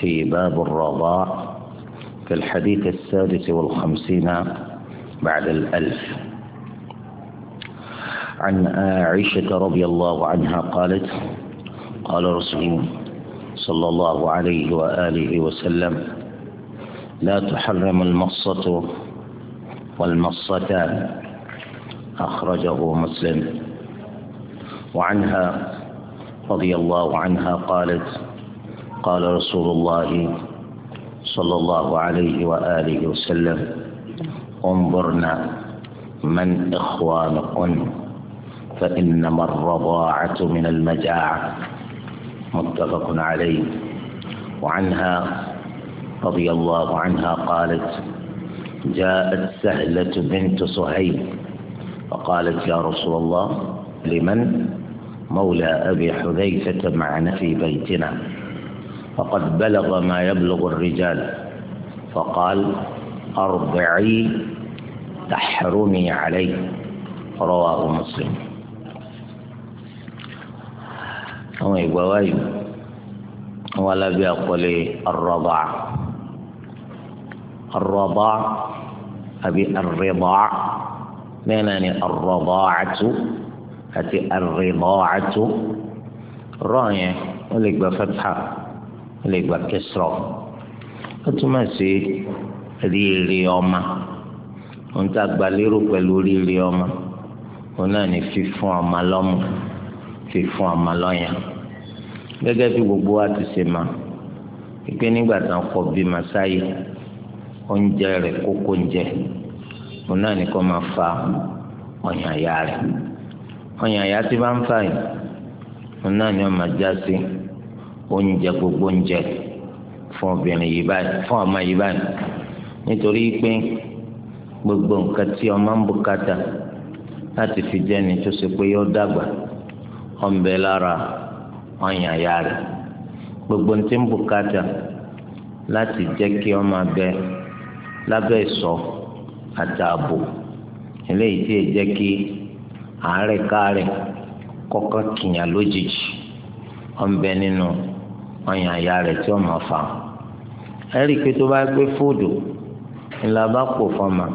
في باب الرضاء في الحديث السادس والخمسين بعد الألف عن عائشة رضي الله عنها قالت قال رسول صلى الله عليه وآله وسلم لا تحرم المصة والمصتان أخرجه مسلم وعنها رضي الله عنها قالت قال رسول الله صلى الله عليه وآله وسلم انظرنا من إخوانكم فإنما الرضاعة من المجاعة متفق عليه وعنها رضي الله عنها قالت جاءت سهلة بنت صهيب فقالت يا رسول الله لمن مولى أبي حذيفة معنا في بيتنا فقد بلغ ما يبلغ الرجال فقال أرضعي تحرمي عليه رواه مسلم àwọn ìgbà wáyé wọn alábẹ́ àkọlé arọ́bà arọ́bà àbí arẹ́bà bẹ́ẹ̀ náà ni arọ́bà àtú àti arẹ́bà àtú rọ́ọ̀ yẹn wọ́n lè gba fẹ́tà ó lè gba kẹsìrọ ó túmọ̀ sí rírì ọmọ ohun tá a gba lérò pẹ̀lú rírì ọmọ òun náà ní fífún ọmọ lọ́mú fífún ọmọ lọ́yàn gẹ́gẹ́ bí gbogbo wa ti ṣe máa pípé nígbà tí wọn kọ bímọ sáyé oúnjẹ rẹ kókó oúnjẹ òun náà ní kó máa fa ọyàn àyà rẹ ọyàn àyà tí bá ń fà yìí òun náà ní wọn máa já sí. oúnjẹ gbogbo oúnjẹ fún obìnrin yìí báyìí fún ọmọ yìí báyìí nítorí pé gbogbo nǹkan tí ọmọ ń bùkátà láti fi jẹni tó ṣe pé yóò dàgbà lara lára ya gbogbo tí ń bùkátà láti jẹ́ kí ọmọ abẹ lábẹ́ ìṣọ́ àtààbò eléyìí tí èyí jẹ́ kí àárẹ̀ káàrẹ̀ kọ́kọ́ kìyàn lójijì nínú. ọyàn àyà rẹ̀ tí ó máa fà á ẹ̀rí pé tó bá gbé fóòdù ńlá bá pò fọmà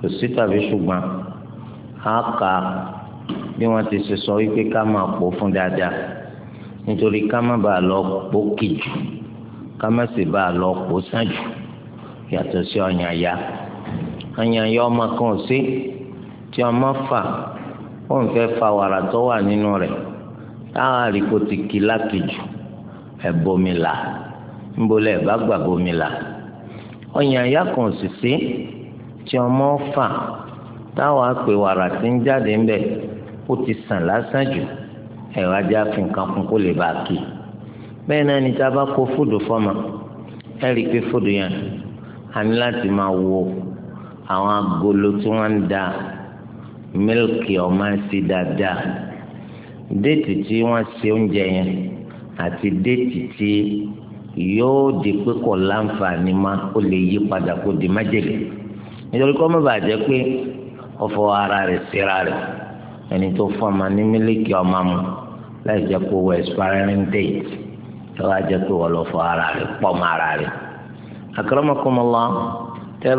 kò sí tàbí ṣùgbọ́n á kà á bí wọ́n ti ṣe sọ wípé ká máa pò fún dáadáa nítorí ká má bàa lọ pò kì ká má sì bàa lọ pò sàn yàtọ̀ sí ọyàn àyà ọyàn àyà ọmọ kan ò sí tí ọmọ fà ó ń fẹ́ fa wàrà tó wà nínú rẹ̀ táwọn àríkò ti kí lákejù ẹ̀bọmìlà ńbọlẹ̀ ẹ̀bá gbàgbọmìlà ọyàn ẹ̀yà kan òṣìṣẹ́ tí ọmọ fà táwọn àpè wàrà tí ń jáde ńbẹ ó ti sàn lásán jù ẹ̀rọ ajá fi nǹkan kún kó lè bá a kì í bẹ́ẹ̀ náà ni bá kó fòdò fọ́mọ ẹ rí i pé fòdò yẹn a ní láti máa wo àwọn agolo tí wọ́n ń da mílìkì ọmọ sí dáadáa déètì tí wọ́n ṣe oúnjẹ yẹn. àti déètì tí yóò di pé láǹfààní má ó lè yí padà kó di májèlé nítorí kọ́ jẹ́ pé ọ̀fọ̀ ara rẹ̀ síra rẹ̀ ẹni tó fún ọmọ ní mílíkì ọmọ mu láì jẹ́ pé owó expiring date tó wá jẹ́ pé wọ́n lọ fọ ara rẹ̀ pọ̀ mọ́ ara rẹ̀ tẹ́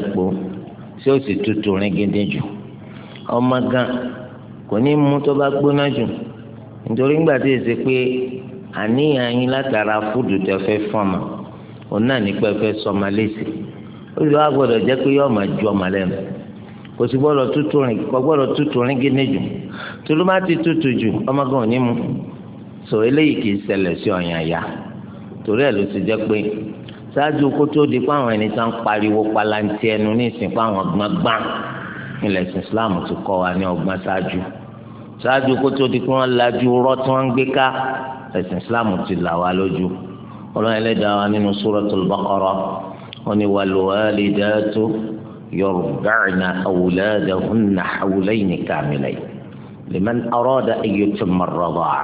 bá kó tí ó sì tutù ringindin jù ọmọ gan kò ní mú tó bá gbóná jù nítorí ńgbà tí èsì pé àníyàn yín látara fúdù tẹ fẹ́ fọmọ òun náà ní pẹfẹ sọmọ lẹsẹ ó sì wá gbọ́dọ̀ jẹ pé yóò máa ju ọmọ lẹ́nu kò sì gbọ́dọ̀ tutù rìn kò gbọ́dọ̀ tutù jù ti tutù jù ọmọ gan ò ní mú sọ eléyìí kì í sí ọyàn ya torí ló ti jẹ pé. ṣáájú kó tó di pé àwọn ẹni tó ń pariwo palantí ẹnu ní ìsìnkú àwọn gbọngbọn ilẹ̀ ìsìn Islam ti kọ́ wa ní ọgbọ́n ṣáájú ṣáájú kó tó di pé wọ́n lajú rọ́ tí wọ́n ń gbé ká ẹ̀sìn Islam ti là wá lójú ọlọ́run ẹlẹ́dàá wa nínú Suratul Baqara wọn ni wal walidatu yurdi'na awladahunna hawlayni kamilayni liman arada an yutimma ar-rida'a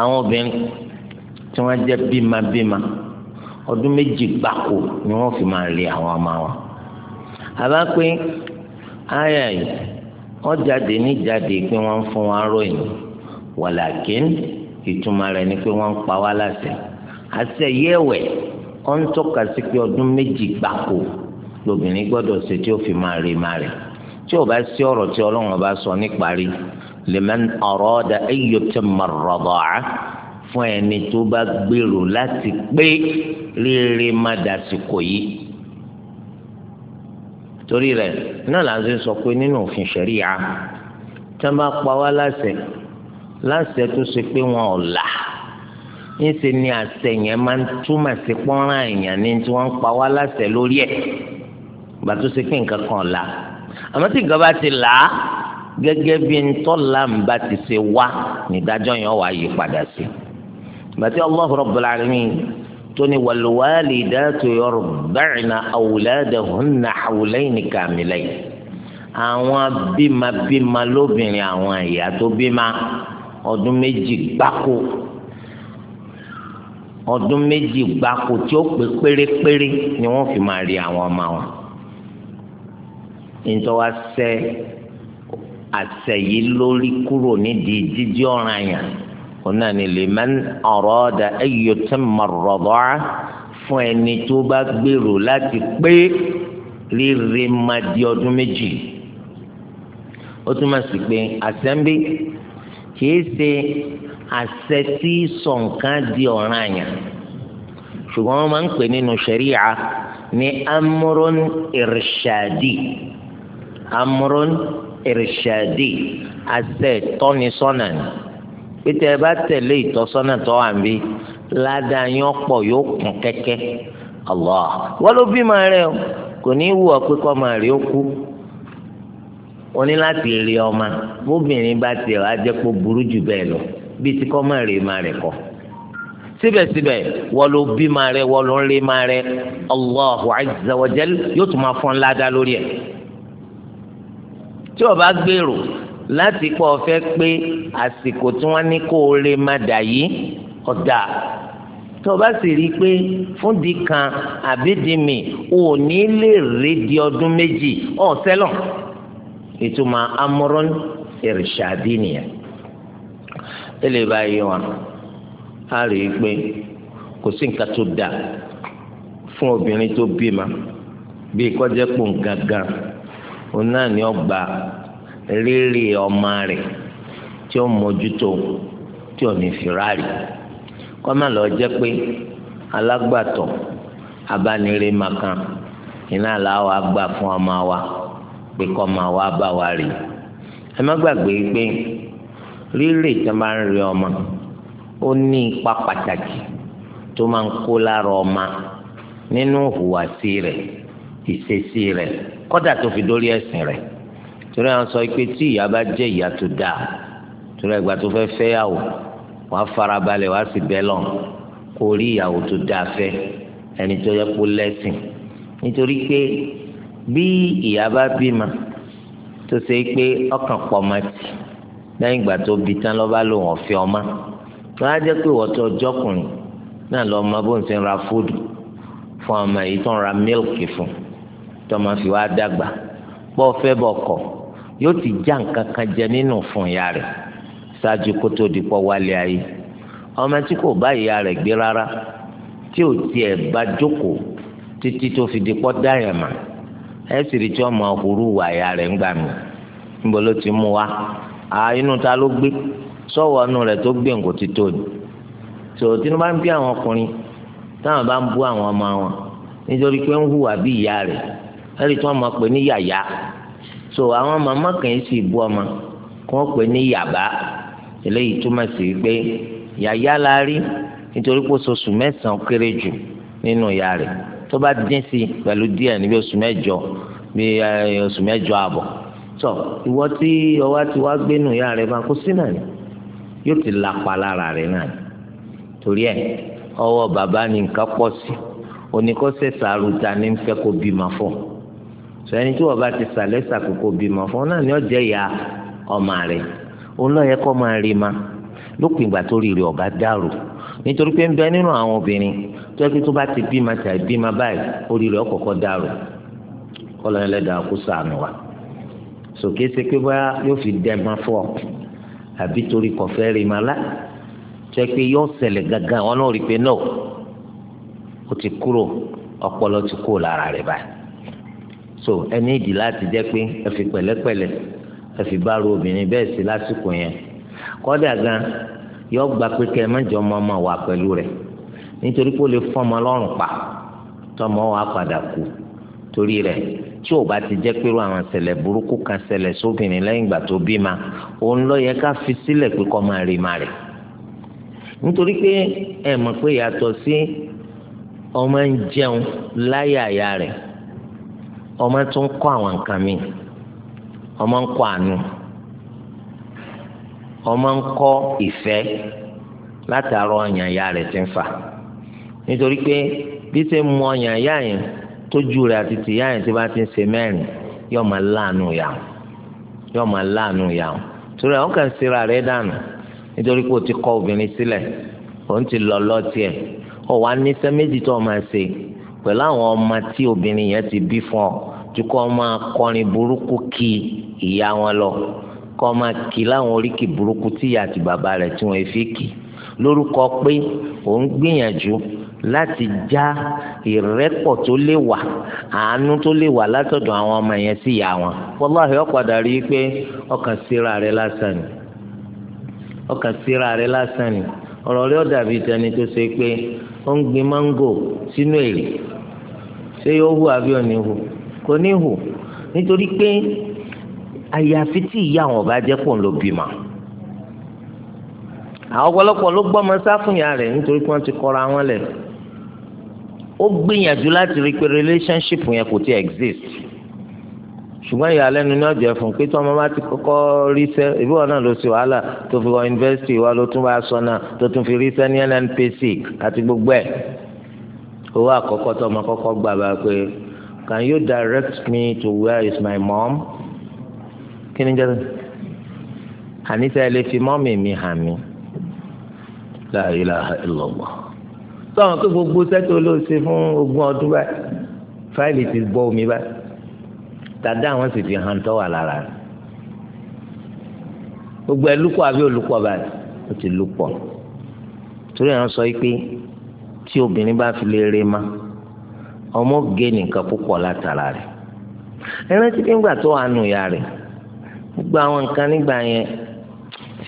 àwọn obìnrin tí wọ́n jẹ́ bímabíma ọdún méjì gbáko ni wọ́n fi máa lé àwọn ọmọ wọn àbá pé àyà yìí wọ́n jáde ní jáde pé wọ́n ń fún wa ròyìn wàlàkín ìtumọ̀ rẹ̀ ni pé wọ́n ń pa wá láṣẹ àṣẹ yẹ̀wẹ̀ wọ́n ń tọ́ka sí pé ọdún méjì gbáko lóbìnrin gbọ́dọ̀ ṣe tí ó fi máa rí máa rẹ̀ tí o bá sí ọ̀rọ̀ tí ọlọ́run ọba sọ níparí lèmẹ́n ọ̀rọ̀ ọ̀dà eyín tó mọ̀rọ̀ á fún ẹni tó bá gbèrò láti pé rere má dàsìkò yìí torí rẹ̀ náà là ń ṣe sọ pé nínú òfin ṣẹ̀ríya tí wọ́n bá pa wá láṣẹ láṣẹ tó ṣe pé wọn ò là ńṣe ni àṣẹ yẹn máa ń túmọ̀ sí pọ́nrán èèyàn ní tí wọ́n ń pa wá láṣẹ lórí ẹ̀ ìgbà tó ṣe pé nǹkan kan là àmọ́ tí nǹkan ti là á gẹ́gẹ́ bí ntọ́lá ń bá ti ṣe wá nídájọ́ yẹn wà yí padà sí. bàtí Allah Rabbul Alamin tóní walwalidatu yurdi'na awladahunna hawlayni kamilayn àwọn bímabíma lóbìnrin àwọn ìyá tó bímá ọdún méjì gbáko ọdún méjì gbáko tí ó pé pérépéré ni wọ́n fi máa rí àwọn ọmọ wọn nítorí àṣẹ àṣẹ yìí lórí kúrò nídìí jíjí ọ̀ràn yàn ọ̀nà ni liman arada ayò tẹ́ mọ̀rọ̀dọ́ fún ẹni tó bá gbèrò láti pé rírì máa di ọdún méjì ó túmọ̀ sí pé àsẹ́ńbí kìí ṣe àṣẹ tí sọ̀nkan di ọ̀ràn àyàn ṣùgbọ́n wọ́n máa ń pè nínú ṣẹ̀ríà ní amúrún irṣàdì amúrún irṣàdì àṣẹ tọ́nisọ́nà ni. pété ẹ bá tẹ̀lé ìtọ́sọ́nà tó wà níbí ládàá yín pọ̀ yóò kún kẹ́kẹ́ Allah wọ́n ló bímọ rẹ o kò ní í wù ọ́ pé o ní láti rí ọmọ bóbìnrin bá tiẹ̀ wá jẹ́ pé burú jù bẹ́ẹ̀ lọ ti kọ́ máa rí ma rẹ̀ kọ́ síbẹ̀síbẹ̀ wọ́n ló bímọ rẹ wọ́n ló ń rí ma rẹ wa yóò tún máa fọ́n ládàá lórí ẹ̀ tí o bá gbèrò láti pọ̀ fẹ́ pé àsìkò tí wọ́n ní kó o lè má dà yìí ọ̀dà tó o bá sì rí i pé fúndì kan àbídìmí ò ní lè rí di ọdún méjì ọ̀sẹ́lọ̀ ìtumọ̀ amúrún ìrìṣàdì nìyẹn tẹ́lẹ̀ báyìí wọn á rí i pé kò sí nǹkan tó dáa fún obìnrin tó bímọ bí kọjá pò ń gangan òun náà ni ó gbà á rírì ọmọ rẹ̀ tí ó mójútó tí ò ní fìràrì kó má lọ jẹ́ pé alágbàtọ́ abánirè makan iná làwọn àgbà fún ọmọ wa pé kọ́ ọmọ wa bá wa rè ẹ má gbàgbé pé rírè tí a máa ń rí ọmọ ó ní ipa pàtàkì tó máa ń kó lára ọmọ nínú ìhùwàsí rẹ̀ ìṣesí rẹ̀ kódà tó fi dórí ẹ̀sìn rẹ̀ torí àwọn sọ pé tí ìyá bá jẹ́ ìyá tó dáa torí ẹgbà tó fẹ́ fẹ́yàwó wàá farabalẹ̀ wàá sì bẹ́ lọ kó rí ìyàwó tó dáa fẹ́ ẹni tó yẹ kó lẹ́sìn nítorí pé bí ìyá bá bímọ tó ṣe pé ọkàn pọ̀ mọ́ ti lẹ́yìn ìgbà tó bi tán lọ́ bá lòun ọ̀fẹ́ ọmọ tó jẹ́ pé ìwọ́tọ̀ ọjọ́kùnrin náà lọ́ mọ bó ń ṣe ra fúdù fún ọmọ yìí tó ń ra mílìkì fún tọmọ fi wá dàgbà pọ́ fẹ́ bọ̀ kọ̀ yóò ti já nǹkan kan jẹ nínú fún ìyá rẹ̀ ṣáájú kó tó di pọ̀ wálé ayé ọmọ tí kò bá ìyá rẹ̀ gbé rárá tí ò tiẹ̀ bá jókòó títí tó fi di pọ̀ dáyàn mà ẹ sì rí tí ọmọ òhurú wà ìyá rẹ̀ ń gbà mí níbo ló ti mú wa àá inú ta ló gbé sọ́wọ́ ọnu rẹ̀ tó gbé nǹkó ti tó ni tòun tí wọ́n bá ń bí àwọn ọkùnrin táwọn bá ń bú àwọn ọmọ wọn nítorí pé ń hùwà bí ìyá rẹ̀ ẹ̀rí tí wọ́n máa pè ní yàyà so àwọn màmá kan sì bú ọmọ kí wọ́n pè ní yàbá eléyìí túmọ̀ sí pé yàyà la rí nítorí pé oṣooṣù mẹ́sàn-án kéré jù nínú ìyá rẹ̀ tó bá dín sí pẹ̀lú díẹ̀ níbi oṣù mẹ́jọ bí oṣù mẹ́jọ àbọ̀ tọ ìwọ tí ọwá ti wá gbénu ìyá rẹ̀ máa kó sí náà ni yóò ti lapa lára rẹ̀ náà ni torí ẹ̀ ọwọ́ bàbá ni nǹkan pọ̀ sí oníkọ́sẹ̀ sàrùtà ní fẹ́ kó bímọ fún un sọ ẹni tí wọ́n bá ti sàlẹ̀ sàkókò bímọ fún náà ni ó jẹ́ ìyá ọmọ rẹ̀ òun náà yẹ kó máa rí ma lópin ìgbà tó rí rí ọ̀gá dàrú nítorí pé ń bẹ nínú àwọn obìnrin tó yẹ kí tó bá ti bímọ tàbí bímọ báyìí orí rẹ̀ ọ̀kọ̀ọ̀kọ̀ dàrú kọ́lọ́ ẹlẹ́dàá kó ṣàánú wa sòkè ṣe pé bá yóò fi dẹ́gbọ́n fún ọ àbí torí kọ̀fẹ́ rí ma lá tó yẹ pé yóò ṣẹlẹ̀ gangan wọn náà rí pé náà ó ti kúrò ọpọlọ ti kúrò lára rẹ̀ báyìí so ẹni ìdí láti jẹ́ pé ẹ fi pẹ̀lẹ́pẹ̀lẹ́ ẹ fi bá ru obìnrin bẹ́ẹ̀ sí lásìkò yẹn kọ́dà gan yọ gba pé kẹ́ ẹ má jọ ọmọ ọmọ wà pẹ̀lú rẹ̀ nítorí pé ó lè fọmọ lọ́rùn pa tọmọ wa padà kú torí rẹ̀ tí o bá ti jẹ́ pé irú àwọn ṣẹlẹ̀ burúkú kan ṣẹlẹ̀ sóbìnrin lẹ́yìn ìgbà tó bí ma òun lọ yẹ ká fi sílẹ̀ pé kọ́ máa rí ma rẹ̀ nítorí pé ẹ mọ̀ pé yàtọ̀ sí ọmọ ń jẹun láyà àyà rẹ̀ ọmọ tún kọ́ àwọn nǹkan mi ọmọ ń kọ́ àánú ọmọ ń kọ́ ìfẹ́ látàárọ̀ ọyàn ìyá ti ń fà nítorí pé bí ṣe mu ọyàn ìyá yẹn tójú rẹ̀ àti tìyá yẹn ti bá ti ń ṣe mẹ́rin yóò máa láàánú ìyá wọn yóò máa láàánú ìyá wọn torí àwọn kan ṣera rẹ̀ dànù nítorí pé o ti kọ obìnrin sílẹ̀ lọ lọ ọ ní méjì tó o máa pẹ̀lú àwọn ọmọ tí obìnrin yẹn ti bí fún ọ ju kọ́ máa kọrin burúkú kí ìyá wọn lọ kọ́ máa kí láwọn oríkì burúkú tí ìyá àti bàbá rẹ̀ tí wọ́n fi kì lórúkọ pé òun gbìyànjú láti já ìrẹ́pọ̀ tó lè wà àánú tó lè wà látọ̀dọ̀ àwọn ọmọ yẹn sí ìyá wọn wọláhì ọ̀padà rí i pé ọkàn síra rẹ̀ lásán ni ọkàn síra rẹ̀ lásán ni ọ̀rọ̀ rẹ̀ ó tẹni tó ṣe pé ó ń gbin máńgò sínú èrè ṣé yóò hù àbí ò ní hù kò ní hù nítorí pé àyàfi tí ìyá àwọn ọba jẹ́ pọ̀ ló bímọ àwọn ọ̀pọ̀lọpọ̀ ló gbọ́mọ sáfùnyà rẹ̀ nítorí pé wọ́n ti kọ́ra wọn lẹ̀ ó gbìyànjú láti rí pé relationship yẹn kò ti exist ṣùgbọ́n ìyàlẹ́nu ní ọ̀jẹ̀ fún pé tí ọmọ bá ti kọ́kọ́ ríṣẹ́ ìbí wọn náà ló ṣe wàhálà tó fi wọ yunifásitì wa ló tún bá aṣọ náà tó tún fi ríṣẹ́ ní NNPC àti gbogbo ẹ̀ owó àkọ́kọ́ tó ọmọ kọ́kọ́ gbà bá pé can you direct me to where is my mom kí ni jẹ́rẹ́ àníṣe ẹ lè fi mọ́mì mi hàn mí la ilaha illallah sọ̀rọ̀ pé gbogbo sẹ́tò ló ṣe fún ogún ọdún báyìí fáìlì ti gbọ́ omi báyìí dàda àwọn sì fi hàn tọ́ wà lára rẹ̀ gbogbo ẹ̀ lúpọ̀ àbí olùpọ̀ báyìí ó ti lúpọ̀ torí àwọn sọ pé tí obìnrin bá fi lè re ma ọmọ gé nìkan púpọ̀ látara rẹ̀ ẹ rántí pé ńgbà tó wà nù ya rẹ̀ gbogbo àwọn nǹkan nígbà yẹn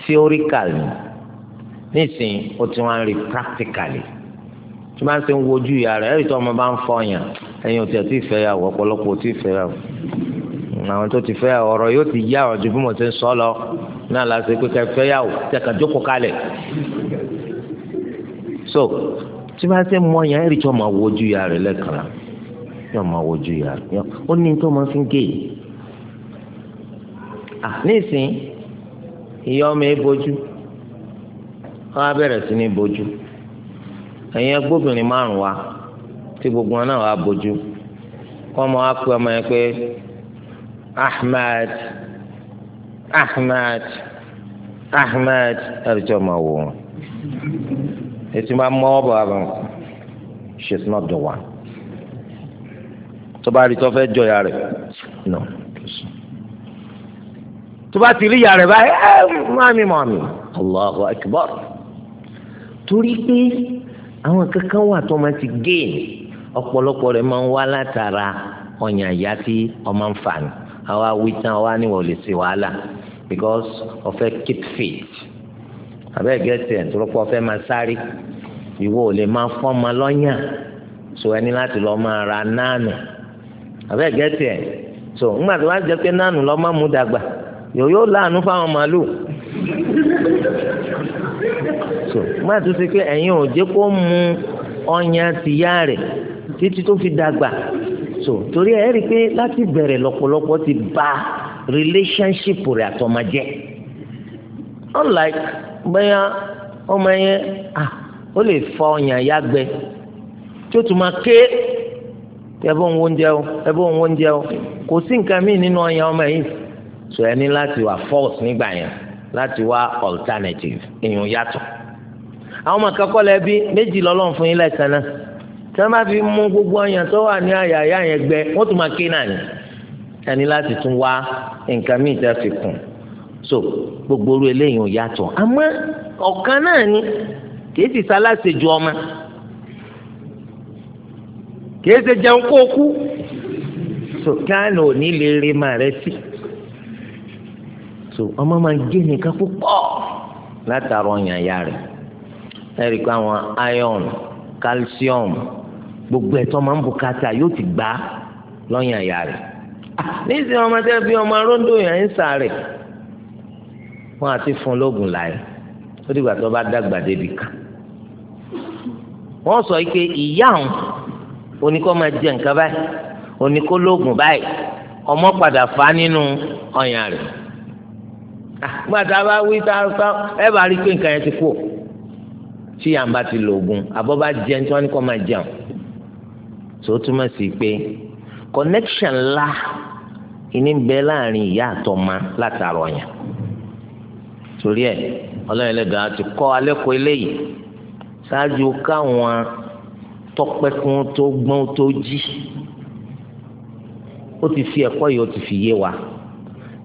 theoretical ni nísìnyí ó ti wá ń rí practically tí máa ń ṣe ń wojú ìyá rẹ̀ ẹ̀rí tó ọmọ bá ń fọyàn ẹ̀yin ò tí ì fẹ́ yà wọ̀ ọ̀pọ̀lọpọ̀ ò tí ì fẹ́ yà wọ̀ àwọn tó ti fẹ́ ọ̀rọ̀ yóò ti yá ọ̀rọ̀ ju bí mo ti ń sọ lọ náà la ṣe pé ká fẹ́ yà ó tẹ̀kàn jókòó kalẹ̀ so tí bá ṣe mọ yẹn ẹ̀rì tí wọ́n máa wojú ya rẹ̀ lẹ́kàn án tí wọ́n máa wojú ya rẹ̀ ó ní tó máa fi ń gé yìí à nísìn ìyá ọmọ ẹ bójú wọ́n á bẹ̀rẹ̀ sí ní bójú ẹ̀yin ẹgbóbìnrin márùn wa tí gbogbo wọn náà wá bójú kọ́ ọmọ wa pé ọmọ yẹn pé ahmed ahmed ahmed ẹ̀rìjọ́ máa wò wọ́n ètò máa mọ́ ọ́ bọ̀ she is not the one tó bá rí tó fẹ́ jọ̀yà no tó bá ti rí ìyá rẹ̀ báyìí ẹ mọ́mí mọ́mí allahu akbar torí pé àwọn kankan wà tó máa ti géènì ọ̀pọ̀lọpọ̀ rẹ̀ máa ń wá látara ọ̀yàn àyà tí ọmọ ń fà ní àwa wí tán àwa ni wọ́n lè ṣe wàhálà because ọ̀fẹ́ keep fit abẹ́ gẹ́tì ẹ̀ tọ́lọ́pọ̀ ọ̀fẹ́ máa sáré ìwọ ò lè máa fọ́n ma lọ́yàn so ẹni láti lọ́ọ́ máa ra náànù abẹ́ gẹ́tì ẹ̀ so ńgbà tó bá jẹ́ pé náànù lọ́ọ́ máa mú dàgbà yóò yóò láàánú fáwọn màálùú so ńgbà tó ṣe pé ẹ̀yin ò jẹ́ kó mu ọyàn tìyá rẹ̀ títí tó fi dàgbà so torí ẹ rí i pé láti bẹ̀rẹ̀ lọ́pọ̀lọpọ̀ ti ba relationship rẹ̀ àtọmọ unlike bẹ́yà ọmọ yẹn ah ó lè fa ọyàn yàgbẹ tí ó tún máa ké ẹbọ ń wóúnjẹ o ẹbọ ń wóúnjẹ o kò sí nǹkan míì nínú ọyàn ọmọ yìí so ẹ ní láti wà false nígbà yẹn láti wá alternative èèyàn yàtọ̀ àwọn ọmọ akẹ́kọ̀ọ́ lẹ́bí méjì lọ́lọ́run fún yín lẹ́sẹ̀ náà tí wọ́n bá fi mú gbogbo ọyàn tó wà ní àyà àyà yẹn gbẹ wọ́n tún máa ké náà ni ẹni láti tún wá nǹkan míì tẹ́ fi kùn so gbogbo orú eléyìí ò yàtọ̀ àmọ́ ọ̀kan náà ni kìí sì sálàsè ju ọmọ kìí ṣe jẹun kó kú so káàní ò ní lè rí màá rẹ sí so ọmọ máa gé nìkan púpọ̀ látàrọ ọyàn ìyá rẹ̀ ẹ̀rí pé àwọn iron calcium gbogbo ẹ̀tọ́ máa ń bùkátà yóò ti gbà á lọ́yìn àyà rẹ̀ níṣẹ́ ọmọdé bíi ọmọ aróńdó yẹn ń sà rẹ̀ wọ́n àti fún lóògùn láyé ó dìgbà tó bá dàgbà débi kan wọ́n sọ pé ìyá òun oníkọ́ máa jẹ nǹkan báyìí oníkó lóògùn báyìí ọmọ padà fà nínú ọyàn rẹ̀ ah, gbàtà bá wí tá ẹ bá rí pé nǹkan yẹn ti kú tí yàrá ti lòògùn àbọ̀ bá jẹun tí wọ́n ní kọ́ máa jẹun tó túmọ̀ sí pé connection ńlá ìní ń bẹ láàrin ìyá àtọmọ látàrọ yẹn torí ẹ ọlọ́run lẹ́dàá ti kọ́ alẹ́kọ̀ọ́ eléyìí ṣáájú káwọn tọpẹkun tó gbọ́n tó jí ó ti fi ẹ̀kọ́ yìí ó ti fi yé wa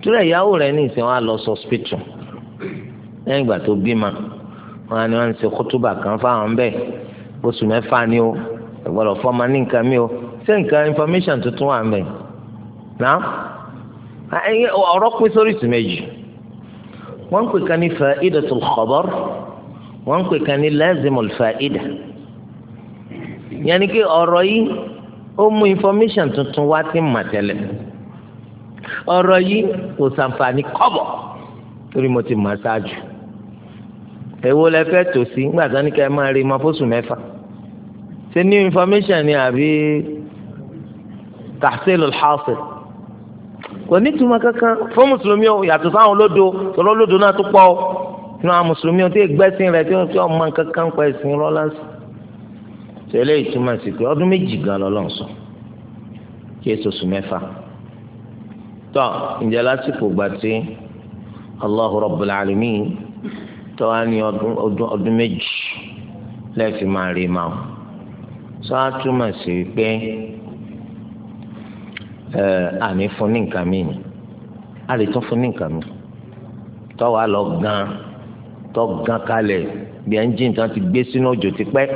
torí ẹ̀yáwó rẹ̀ ní ìsìn wa lọ sọ spitu lẹ́yìn ìgbà tó bímọ wọn ni wọ́n ń ṣe kótóbà kan fáwọn bẹ́ẹ̀ oṣù mẹ́fà ni ó gbọ́dọ̀ fọmọ ní nǹkan mi o ṣé nǹkan information tuntun wà mẹ na ọ̀rọ̀ pín sórí ìsìn méjì wọ́n ń pè kan ní fa'idatul khabar wọ́n ń pè kan ní lazimul fa'ida yẹn ni pé yìí ó mú information tuntun wá sí màtẹ́lẹ̀ ọ̀rọ̀ yìí kò ṣàǹfààní kọ́bọ̀ torí mo ti mọ̀ ṣáájú èwo lẹ fẹ́ tòsí nígbà tó ní ká ẹ máa rí ma fóṣù mẹ́fà ṣe new information ni àbí tahsil al-hasil kò ní túmọ̀ kankan fún mùsùlùmí o yàtọ̀ sáwọn olódo tọ́lọ́ olódo náà tó pọ̀ o nínú àwọn mùsùlùmí o tí gbẹ́sìn rẹ̀ tí wọ́n fi ọmọ kankan pa ẹ̀sìn lọ́la sí tẹ́lẹ̀ ìtumọ̀ sí pé ọdún méjì gan lọ́lọ́run sọ kí èso sùn mẹ́fà tọ́ ǹjẹ́ lásìkò gbà tí Allahu Rabbul Alamin tọ́wá ní ọdún méjì lẹ́ẹ̀fì máa rí máa o sọ á túmọ̀ sí pé ẹ àní fún ní nǹkan mi ni a lè tún fún ní nǹkan mi tọ́wọ́ á lọ gan tọ́ gan kalẹ̀ bí ẹ́ńjìn tán ti gbé sínú òjò ti pẹ́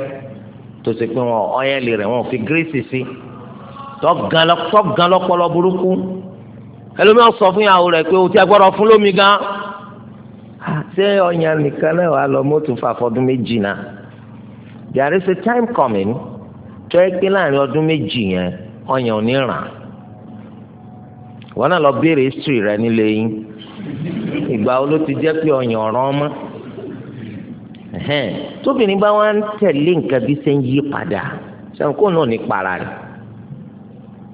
tó ṣe pé wọn ọ́yẹ́lì rẹ̀ wọn fi gírísì sí tọ́ gan lọ́pọlọ burúkú ẹlòmíràn sọ fún ìyàwó rẹ̀ pé o ti agbọ́dọ̀ fún lómi gan ṣé ọ̀yàn nìkan náà wà lọ mọ́tò fàfọ́dún méjì náà there is a time coming tó yẹ pé láàrin ọdún méjì yẹn ọyàn ò ní ràn wọn náà lọ béèrè history rẹ nílé yín ìgbà wo ló ti jẹ́ pé ọyàn ọ̀ràn ọmọ tóbìnrin bá wá ń tẹ̀lé nǹkan bí ṣe ń yí padà sẹ́wọ̀n kó náà ní para rẹ̀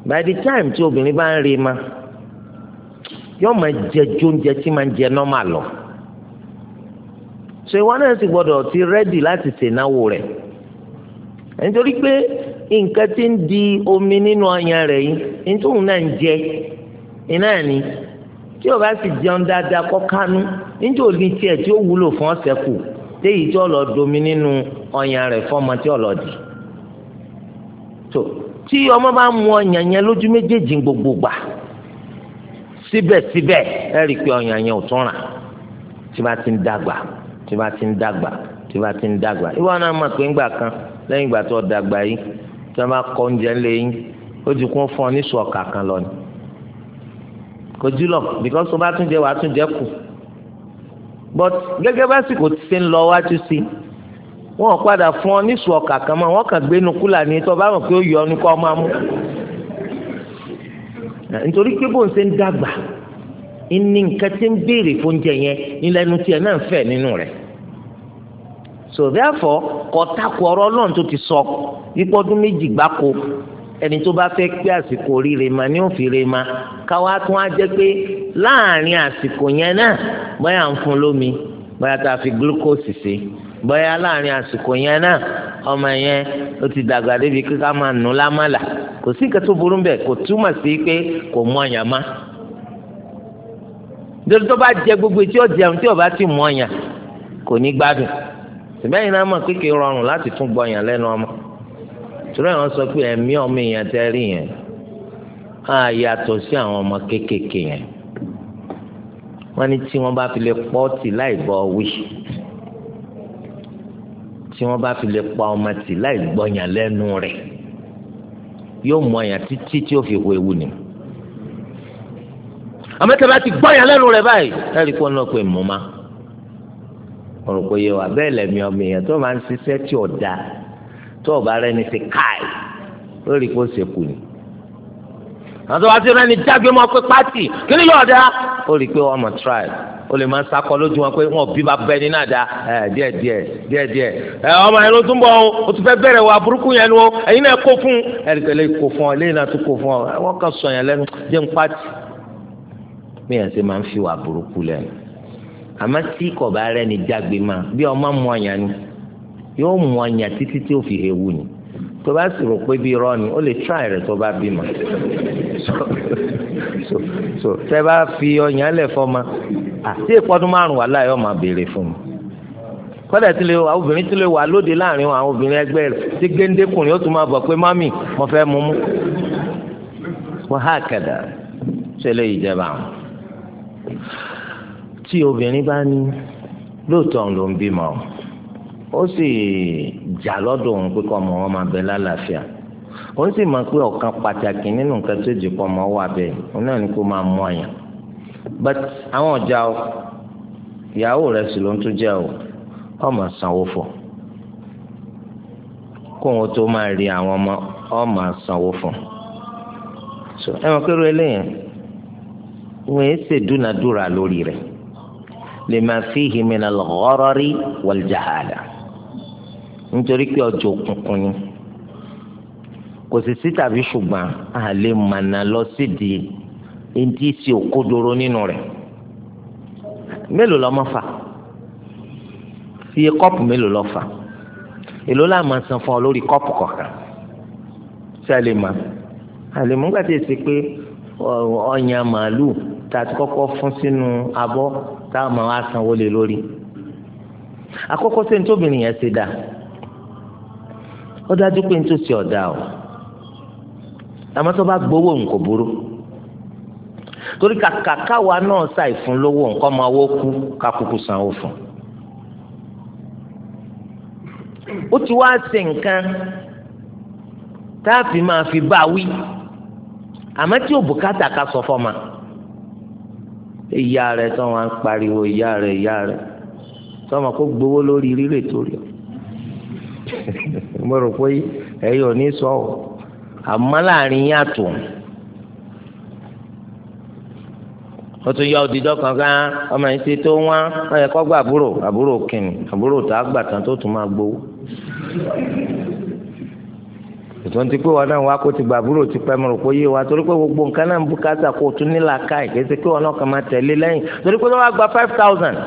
by the time tí obìnrin bá ń re ma yóò máa jẹ jóúnjẹ tí máa ń jẹ nọ́mà lọ ṣé wọn náà sì gbọdọ̀ ti rẹ́dì láti ṣènáwó rẹ̀ nítorí pé nǹkan tí ń di omi nínú ọyàn rẹ̀ yìí nítorí náà ń jẹ iná ni tí o bá sì jẹun dáadáa kọ́ kánú nítorí ní tiẹ̀ tí ó wúlò fún ọ̀sẹ̀ kù léyìí tí ọlọ́ domi nínú ọyàn rẹ̀ fọ́mọ tí ọlọ́ di tó tí ọmọ bá mu ọyàn yẹn lójú méjèèjì gbogbo gbà síbẹ̀síbẹ̀ ẹ rí i pé ọyàn yẹn ò tún rà tí bá ti ń dàgbà tí bá ti ń dàgbà tí bá ti ń dàgbà ìwọ náà mọ̀ pé ńgbà kan lẹ́yìn ìgbà tó dàgbà yìí tí wọn bá kọ oúnjẹ ńlẹ yín ó ti kún fún ọ ní sùọ kàkan lọ ni kò jùlọ bíkọ́sì wọn bá tún jẹ wàá tún jẹ kù but gẹ́gẹ́ bá sì kò ti ń lọ wájú sí i wọn padà fún ọ ní sùọ kàkan mọ wọn kàn gbénu kúlà ní tó bá mọ̀ pé ó yọ ọ ní kọ́ máa mú nítorí pé bó ń ṣe ń dàgbà ní nǹkan tí ń béèrè fún oúnjẹ yẹn nílẹ̀ nu tiẹ̀ náà ń fẹ̀ nínú rẹ̀ so therefore kọ̀tàkù ọ̀rọ̀ ọlọ́run tó ti sọ ipò ọdún méjì gbáko ẹni tó bá fẹ́ pé àsìkò oríire ma ní òfìrè ma káwá tún á jẹ́ pé láàrin àsìkò yẹn náà bóyá ń fún lómi bóyá tá a fi glucose ṣe bóyá láàrin àsìkò yẹn náà ọmọ yẹn ó ti dàgbà débi kíkà máa nù lámàlà kò sí nǹkan tó burú bẹ́ẹ̀ kò túmọ̀ sí pé kò mú ọyàn má nítorí tó bá jẹ gbogbo tí ó jẹun tí ó ti mú ọyàn kò ní gbádùn sìbẹ́yìn náà mọ̀ pé kì í rọrùn láti tún gbọ̀yàn lẹ́nu ọmọ tùrọ̀ yẹn sọ pé ẹ̀mí ọmọ èèyàn tẹ́ rí yẹn á yàtọ̀ sí àwọn ọmọ kéékèèké yẹn wọ́n ní tí wọ́n bá fi lè pọ́ tì láì bọ̀ wí tí wọ́n bá fi lè pa ọmọ tì láì gbọ̀yàn lẹ́nu rẹ̀ yóò mọ èèyàn títí tí ó fi hu ewu ni àmọ́ tẹ́ bá ti gbọ̀yàn lẹ́nu rẹ̀ báyìí ẹ̀rí kó náà pé mọ́ máa ọ̀rọ̀ kò yẹ wà bẹ́ẹ̀ lẹ́mìí ọmọ èèyàn tó máa ń ṣiṣẹ́ tí ò da tó ọ̀bá rẹ ní ti káì lórí kó ṣekù ni àwọn wá sí rẹ́ni jágbe mọ́ pé pátì kí ni yóò dá ó rí i pé wọ́n mọ̀ try ó lè máa ń sakọ lójú wọn pé wọn bí bá bẹ ní náà dá ẹ díẹ̀ díẹ̀ díẹ̀ díẹ̀ ẹ ọmọ yẹn ló tún bọ̀ o o tún fẹ́ bẹ̀rẹ̀ wà burúkú yẹn nu o náà kó fún ẹ ẹ kó fún ọ lẹ́yìn náà tún kó fún ọ wọ́n kàn sọ yẹn lẹ́nu jẹun pátì bí yẹn ṣe máa ń fi wà burúkú lẹ́nu àmọ́ tí kò bá rẹ́ni jágbe ma bí ọmọ mu ọyàn ni yóò mu ọyàn títí tí ó fi hewu ni tó bá sì rò pé bí irọ́ ni ó lè tíráì rẹ̀ tó bá bímọ so tẹ bá fi ọyàn lẹ̀ fọ́mọ àti ìpọ́dún márùn wà láyọ̀ máa béèrè fún mi kọ́dà tí lè wà obìnrin tí lè wà lóde láàrin àwọn obìnrin ẹgbẹ́ rẹ̀ tí géńdékùnrin ó tún máa bọ̀ pé mami mo fẹ́ mú mú wàhálà kẹ̀dà ṣẹlẹ̀ ìjẹba àwọn tí obìnrin bá ní lóòótọ́ ló ń bímọ ó sì jà lọ́dọ̀ òun pé kọ́ ọmọ wọn máa bẹ lálàáfíà ó sì mọ̀ pé ọ̀kan pàtàkì nínú nǹkan tó jù pọ̀ wà bẹ́ẹ̀ òun náà ni kó máa mú àyàn but àwọn ọjà o ìyàwó rẹ̀ sì ló ń tún jẹ́ o ọmọ sanwó fọ kóun tó máa rí àwọn ọmọ ọmọ sanwó fún ẹ mọ̀ pé ru eléyìí wọ́n ẹ ṣèdúnadúrà lórí rẹ̀ lima fihi min al-gharari wal-jahala nítorí pé ọjọ́ òkùnkùn ni kò sì sí tàbí ṣùgbọ́n a lè mànà lọ sídìí ntí sí òkodoro nínú rẹ̀ mélòó lọ́mọ fà iye kọ́pù mélòó lọ́ fà èló la máa san fún ọ lórí kọ́pù kọ̀ọ̀kan ṣé a lè mọ̀ mú gbàtẹ́ pé ọ̀yàn màálù tá kọ́kọ́ fún sínú abọ́ táwọn máa wá sanwó lé lórí àkọ́kọ́ sẹ́ni tóbìnrin yẹn ṣe dá ó dájú pé nítorí ṣe ọ̀dà o àmọ́ tó bá gbowó nǹkan burú torí kàkà káwa náà ṣàì fún lówó nǹkan máa wó kú kakuku sanwó fún ó ti wá ṣe nǹkan táàfin máa fi bá wí àmọ́ tí ò ká sọ fọ́ ma ìyá rẹ tó wọn ń pariwo ìyá rẹ ìyá rẹ tó wọn kó gbowó lórí rírè torí ọ mo rò pé ẹ̀yin ò ní sọ ọ àmọ́ láàrin yàtọ̀ ó tún yọ òdìjọ kan ká ọmọ yìí ti tó wọn ó yẹ àbúrò kìnnì àbúrò tá a gbà tán tó tún máa gbowó ètò ti pé wọn náà wá kó ti gbàbúrò ti pẹ́ mọ̀rọ̀ kó yé wa torí pé gbogbo nǹkan náà ń bùkátà kó o tún nílà ká ìgbésẹ̀ pé wọn náà kàn máa tẹ̀lé lẹ́yìn torí pé wọn wá gba five thousand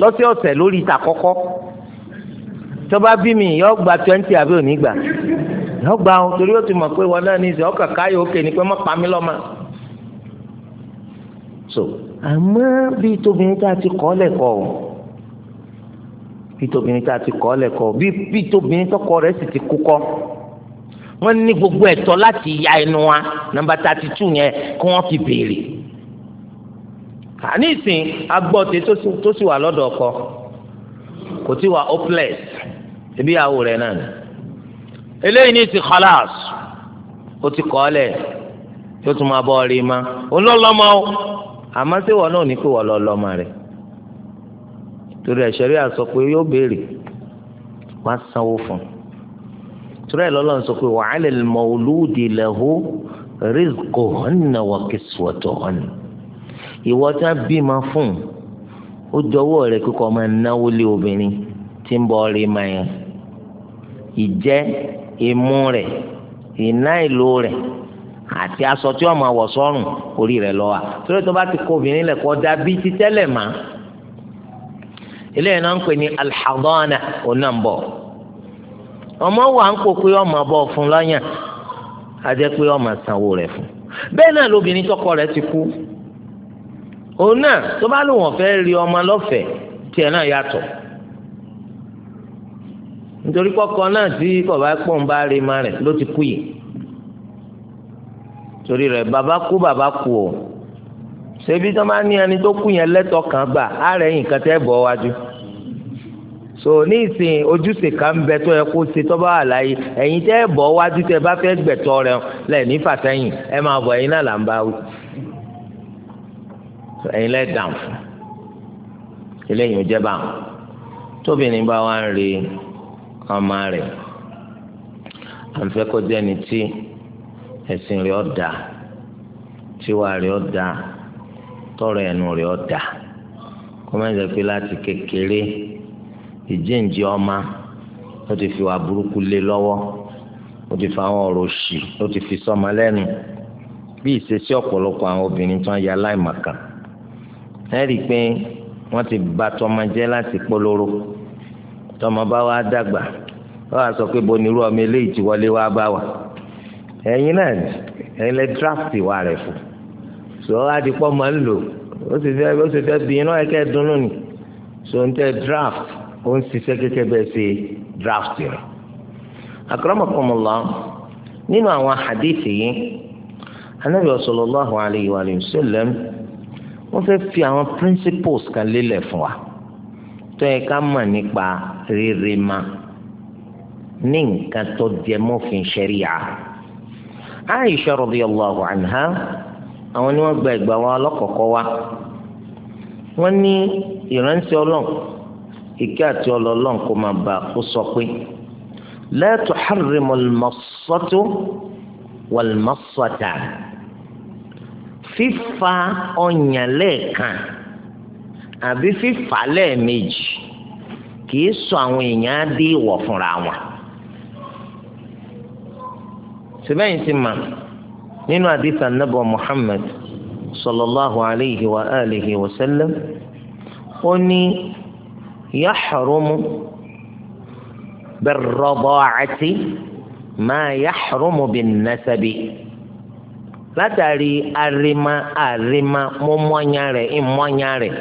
lọ́sọ̀ọ̀sẹ̀ lórí ìta kọ́kọ́ tó bá bí mi yọ gba twenty àbí òní gbà yọ gba o torí o ti mọ̀ pé wọn náà ní ìsìn ọkàn káyọ̀ òkè ni pé mọ́ pa mí lọ́mọ. so àmọ́ bí tóbìnrin tá a ti kọ́ lẹ́kọ̀ọ́ o bí tóbìnrin tá a ti kọ́ lẹ́kọ̀ọ́ bí tóbìnrin tọkọ rẹ̀ sì ti kú kọ́ wọ́n ní gbogbo ẹ̀tọ́ láti ya ẹnu wa nọ́mbà thirty two yẹn kí wọ́n fi béèrè àní ìsìn agbọ́tẹ tó sì wà lọ́dọ̀ ọkọ kò tí wà hopeless ebi ìyàwó rẹ̀ náà ni eléyìí ní ti khalas ó ti kọ́ ọ lẹ̀ tó tún máa bọ́ ọ rí ma olólọ́mọ o àmọ́ sí wọn náà ní pé wọ́n lọ lọ́mọ rẹ̀ torí ẹ̀ṣẹ̀rí àsọ pé yóò béèrè wá sanwó fún un tura ẹ lọ́lọ́run sọ pé wa 'ala al-mawludi lahu rizquhunna wa kiswatuhunna ìwọ tá bímọ fún ó jọ̀wọ́ rẹ̀ kíkọ máa náwó lé obìnrin tí ń bọ̀ rí ma yẹn ìjẹ ìmú rẹ̀ ìná ìlú rẹ̀ àti aṣọ tí wọn máa wọ̀ orí rẹ̀ lọ wa torí tó bá ti kó obìnrin lẹ kọ da bíi ti tẹ́lẹ̀ mà eléyìí náà ń pè ní alḥadana onáǹbọ ọmọ wa ń kó pé ọmọ bọ̀ fún lọ́yàn á jẹ́ pé ọmọ sanwó rẹ̀ fún bẹ́ẹ̀ náà lóbìnrin tọkọ rẹ̀ ti kú òun náà tó bá lò wọ́n fẹ́ rí ọmọ lọ́fẹ̀ẹ́ tiẹ̀ náà yàtọ̀ nítorí kọ́kọ́ náà tí bàbá pọ̀n bá rí ma rẹ̀ ló ti kú yìí torí rẹ̀ bàbá kú bàbá kú o ṣebí tó máa ní ẹni tó kú yẹn lẹ́tọ̀ọ́ kan gbà á rẹ̀ yìí kan bọ̀ wájú so ní ìsìn ojúṣe kan bẹ tó yẹ kó ṣe tọ́ba àlàyé ẹ̀yin tẹ́ bọ̀ wájú tẹ́ bá fẹ́ gbẹ̀tọ́ rẹ lẹ̀ ní fàtẹ́yìn ẹ máa bọ̀ ẹ̀yin náà là ń bá wí ẹ̀yin lẹ́ dàn fún eléyìí ò jẹ́ bá wọn tóbìnrin bá wá ń re ọmọ rẹ̀ à ń fẹ́ kó jẹ́ ni tí ẹ̀sìn rẹ̀ ọ̀ dà tíwa rẹ̀ ọ̀ dà tọrọ ẹnu rẹ̀ ọ̀ dà kó má pé láti kékeré. Ke ìjíǹji ọma ó ti fi wà burúkú lé lọ́wọ́ ó ti fi àwọn ọ̀rọ̀ òṣì ó ti fi sọ́mọ lẹ́nu bí ìṣesí ọ̀pọ̀lọpọ̀ àwọn obìnrin tó ń ya aláìmọ̀kan ẹ rí i pé wọ́n ti bà tọmọ jẹ́ láti polówó tọmọ bá wá dàgbà wọ́n á sọ pé bo nírú ọmọ eléyìí ti wọlé wá bá wa ẹ̀yin náà ẹ̀yin lẹ dírafìtì wa rẹ̀ fún so adìpọ̀ máa ń lò ó sì fẹ́ bí iná ẹ̀kẹ́ dùn lónìí so ń tẹ dírafìtì ó ń ṣiṣẹ́ gẹ́gẹ́ bẹ́ẹ̀ ṣe draft rẹ̀ akramakumullah nínú àwọn hadithi yìí anabi sallallahu alayhi wa sallam wọ́n fẹ́ fi àwọn principles kan lélẹ̀ fún wa tó yẹ ká mọ̀ nípa rere ma ní nǹkan tó jẹ mọ́fin ṣẹ̀ríà aisha radiyallahu anha àwọn ni wọ́n gba ìgbà wọn lọ́kọ̀ọ̀kọ̀ wa wọ́n ní ìránṣẹ́ ọlọ́run ìkẹ́ àti ọlọ́lọ́n kò máa bá kó sọ pé la tuharrimu al-massatu wal-massata fífa ọyàn lẹ́ẹ̀kan àbí fífa lẹ́ẹ̀mejì kì í sọ àwọn èèyàn á dé ìwọ̀ fúnra wọn. sìbẹ́yìn ti mà nínú àdìsá nàbọ̀ Muhammad sallallahu alayhi wa alihi wa sallam ó ní. يحرم بالرضاعة ما يحرم بالنسب látàrí arima arima mọ́mọ́nyá rẹ̀ ìmọ́nyá rẹ̀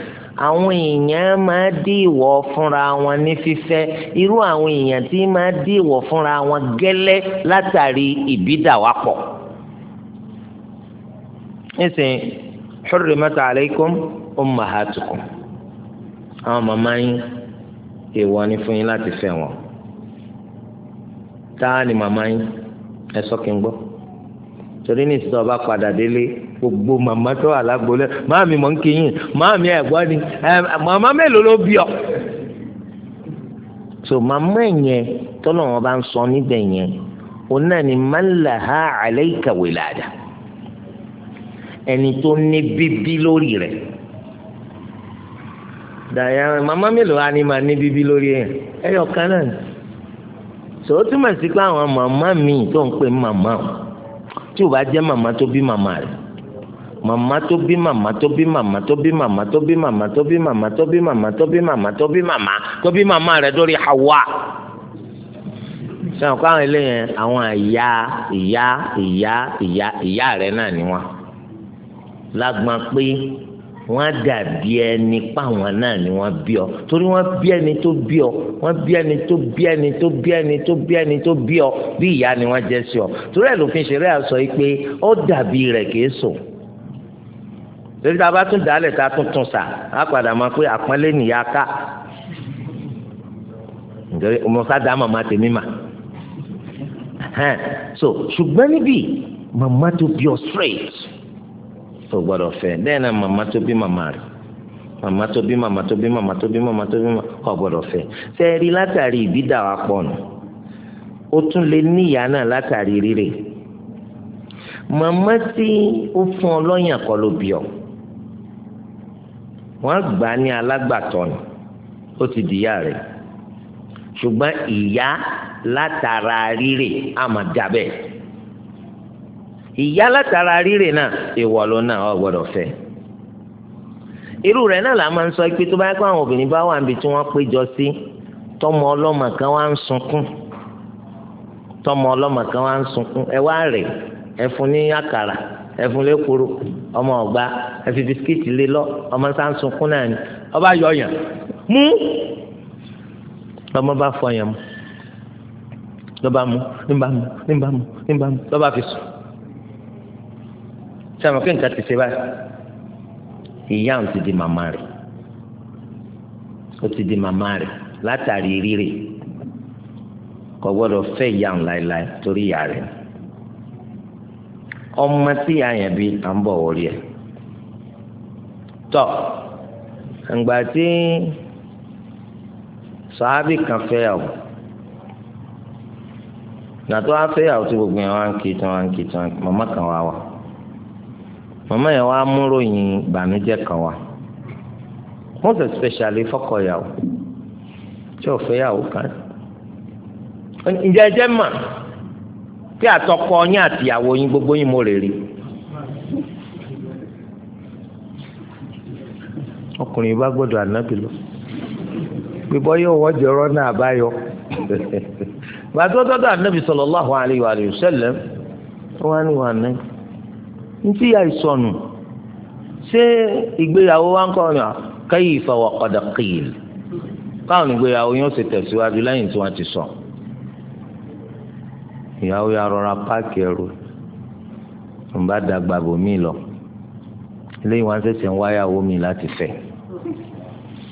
àwọn èèyàn máa dí ìwọ̀ fúnra wọn ní fífẹ́ irú àwọn èèyàn tí máa dí ìwọ̀ fúnra wọn gẹ́lẹ́ látàrí ìbídàwápọ̀. nísìnyí hurrimat àwọn èèwọ̀ ni fún yín láti fẹ́ wọn táà ni màmá yín ẹ sọ kí n gbọ́ torí ní ìsìn ọba padà délé gbogbo màmá tó wà lágbolé máàmì mọ̀ ń kíyìn máàmì ẹ̀gbọ́n ni màmá mélòó ló bí ọ. tó màmá yẹn tọ́lọ̀ wọn bá ń sọ níbẹ̀ yẹn o náà ni mọ́lá ha àlẹ́ ìkàwé ẹni tó ní bíbí lórí rẹ̀ dàyà màmá mélòó wa ni màá ní bíbí lórí ẹ ẹyọ kan náà so ó túmọ̀ sí pé àwọn màmá míì tó ń pè màmá o tí ò bá jẹ́ màmá tó bí màmá rẹ̀ màmá tó bí màmá tó bí màmá tó bí màmá tó bí màmá tó bí màmá tó bí màmá tó bí màmá tó bí màmá tó bí màmá rẹ̀ lórí Hawa sọ̀rọ̀ kó àwọn eléyẹn àwọn ìyá ìyá ìyá ìyá ìyá rẹ̀ náà ni wọ́n lágbọ́n pé wọ́n dàbí ẹni páwọn náà ni wọ́n bí ọ torí wọ́n bí ẹni tó bí ọ wọ́n bí ẹni tó bí ẹni tó bí ẹni tó bí ẹni tó bí ọ bí ìyá ni wọ́n jẹ́ sí ọ torí ẹ̀ lófin ṣeré àsọ yìí pé ó dàbí rẹ̀ kìí sùn torí tá a bá tún dálẹ̀ tá a tún tún sà á padà máa pé àpọ́nlé nìyá ká nítorí mo dá màmá tèmi mà so ṣùgbọ́n níbí màmá tó bí ọ straight tó gbọ́dọ̀ fẹ́ bẹ́ẹ̀ náà màmá tó bí màmá rẹ̀ màmá tó bí màmá tó bí màmá tó bí màmá tó bí kò gbọ́dọ̀ fẹ́ sẹ́ẹ̀rí látàrí ìbídà wa pọ̀ nù ó tún lè níyà náà látàrí rírè màmá tí ó fún ọ lọ́yàn kọ́ ló bí ọ wọ́n gbà ní alágbàtọ́ ni ó ti dìyà rẹ̀ ṣùgbọ́n ìyá látara rírè àmàdàbẹ̀ ìyá látara rírè náà ìwọ ló náà ọ gbọ́dọ̀ fẹ́ irú rẹ̀ náà la máa ń sọ pé tó bá yẹ kó àwọn obìnrin bá wà níbi tí wọ́n péjọ sí tọmọ ọlọ́mọ kan wá ń sunkún tọmọ ọlọ́mọ kan wá ń sunkún ẹ wá rè ẹ fún ní àkàrà ẹ fún lẹkọrọ ọmọ ọgbà ẹ fi bisikíìtì lé lọ ọmọ sá ń sunkún náà ni ọba yọyàn mú lọmọ bá fọyàn mú lọba mú níbàmú níbàmú níbàmú lọba fi sùn sẹ́wọ̀n kí nǹkan ti ṣe báyìí ìyá òun ti di màmá rẹ̀ ó ti di màmá rẹ̀ látàrí rírè kò gbọ́dọ̀ fẹ́ ìyá òun láéláé torí ìyá rẹ̀ ọmọ tí ìyá yẹn bí à ń bọ̀ wọlé ẹ̀ tọ́ ǹgbà tí sàábì kan fẹ́yàwó gbàtọ́ afẹ́yàwó tí gbogbo yẹn wá ń kí tí wọ́n ń kí tí wọ́n kan wá wà màmá yẹn wàá múròyìn ìbànújẹ́ kan wá most especially fọkọyàwó tí ò fẹ́yàwó kan ǹjẹ́ ẹ jẹ́ mà tí àtọkọ yín àtìyàwó yín gbogbo yín mo rè rí ọkùnrin bá gbọ́dọ̀ ànábì lọ gbígbọ́ yóò wọ́jọ rọ́nà àbáyọ gbàtọ́ tọ́tọ́ ànábì sallallahu alaihi wa sallam wọ́n á ní wọn ànábì ntí ya ìsọnù ṣé ìgbéyàwó wa ń kọ́ ọ̀nà kayfa wa qad qil káwọn ìgbéyàwó yóò ṣe tẹ̀síwájú lẹ́yìn tí wọ́n ti sọ. ìyàwó ya rọra páàkì ẹrù ń bá dàgbà bò mí lọ lẹ́yìn wọn ṣẹ̀ṣẹ̀ ń wáyàwó mi láti fẹ́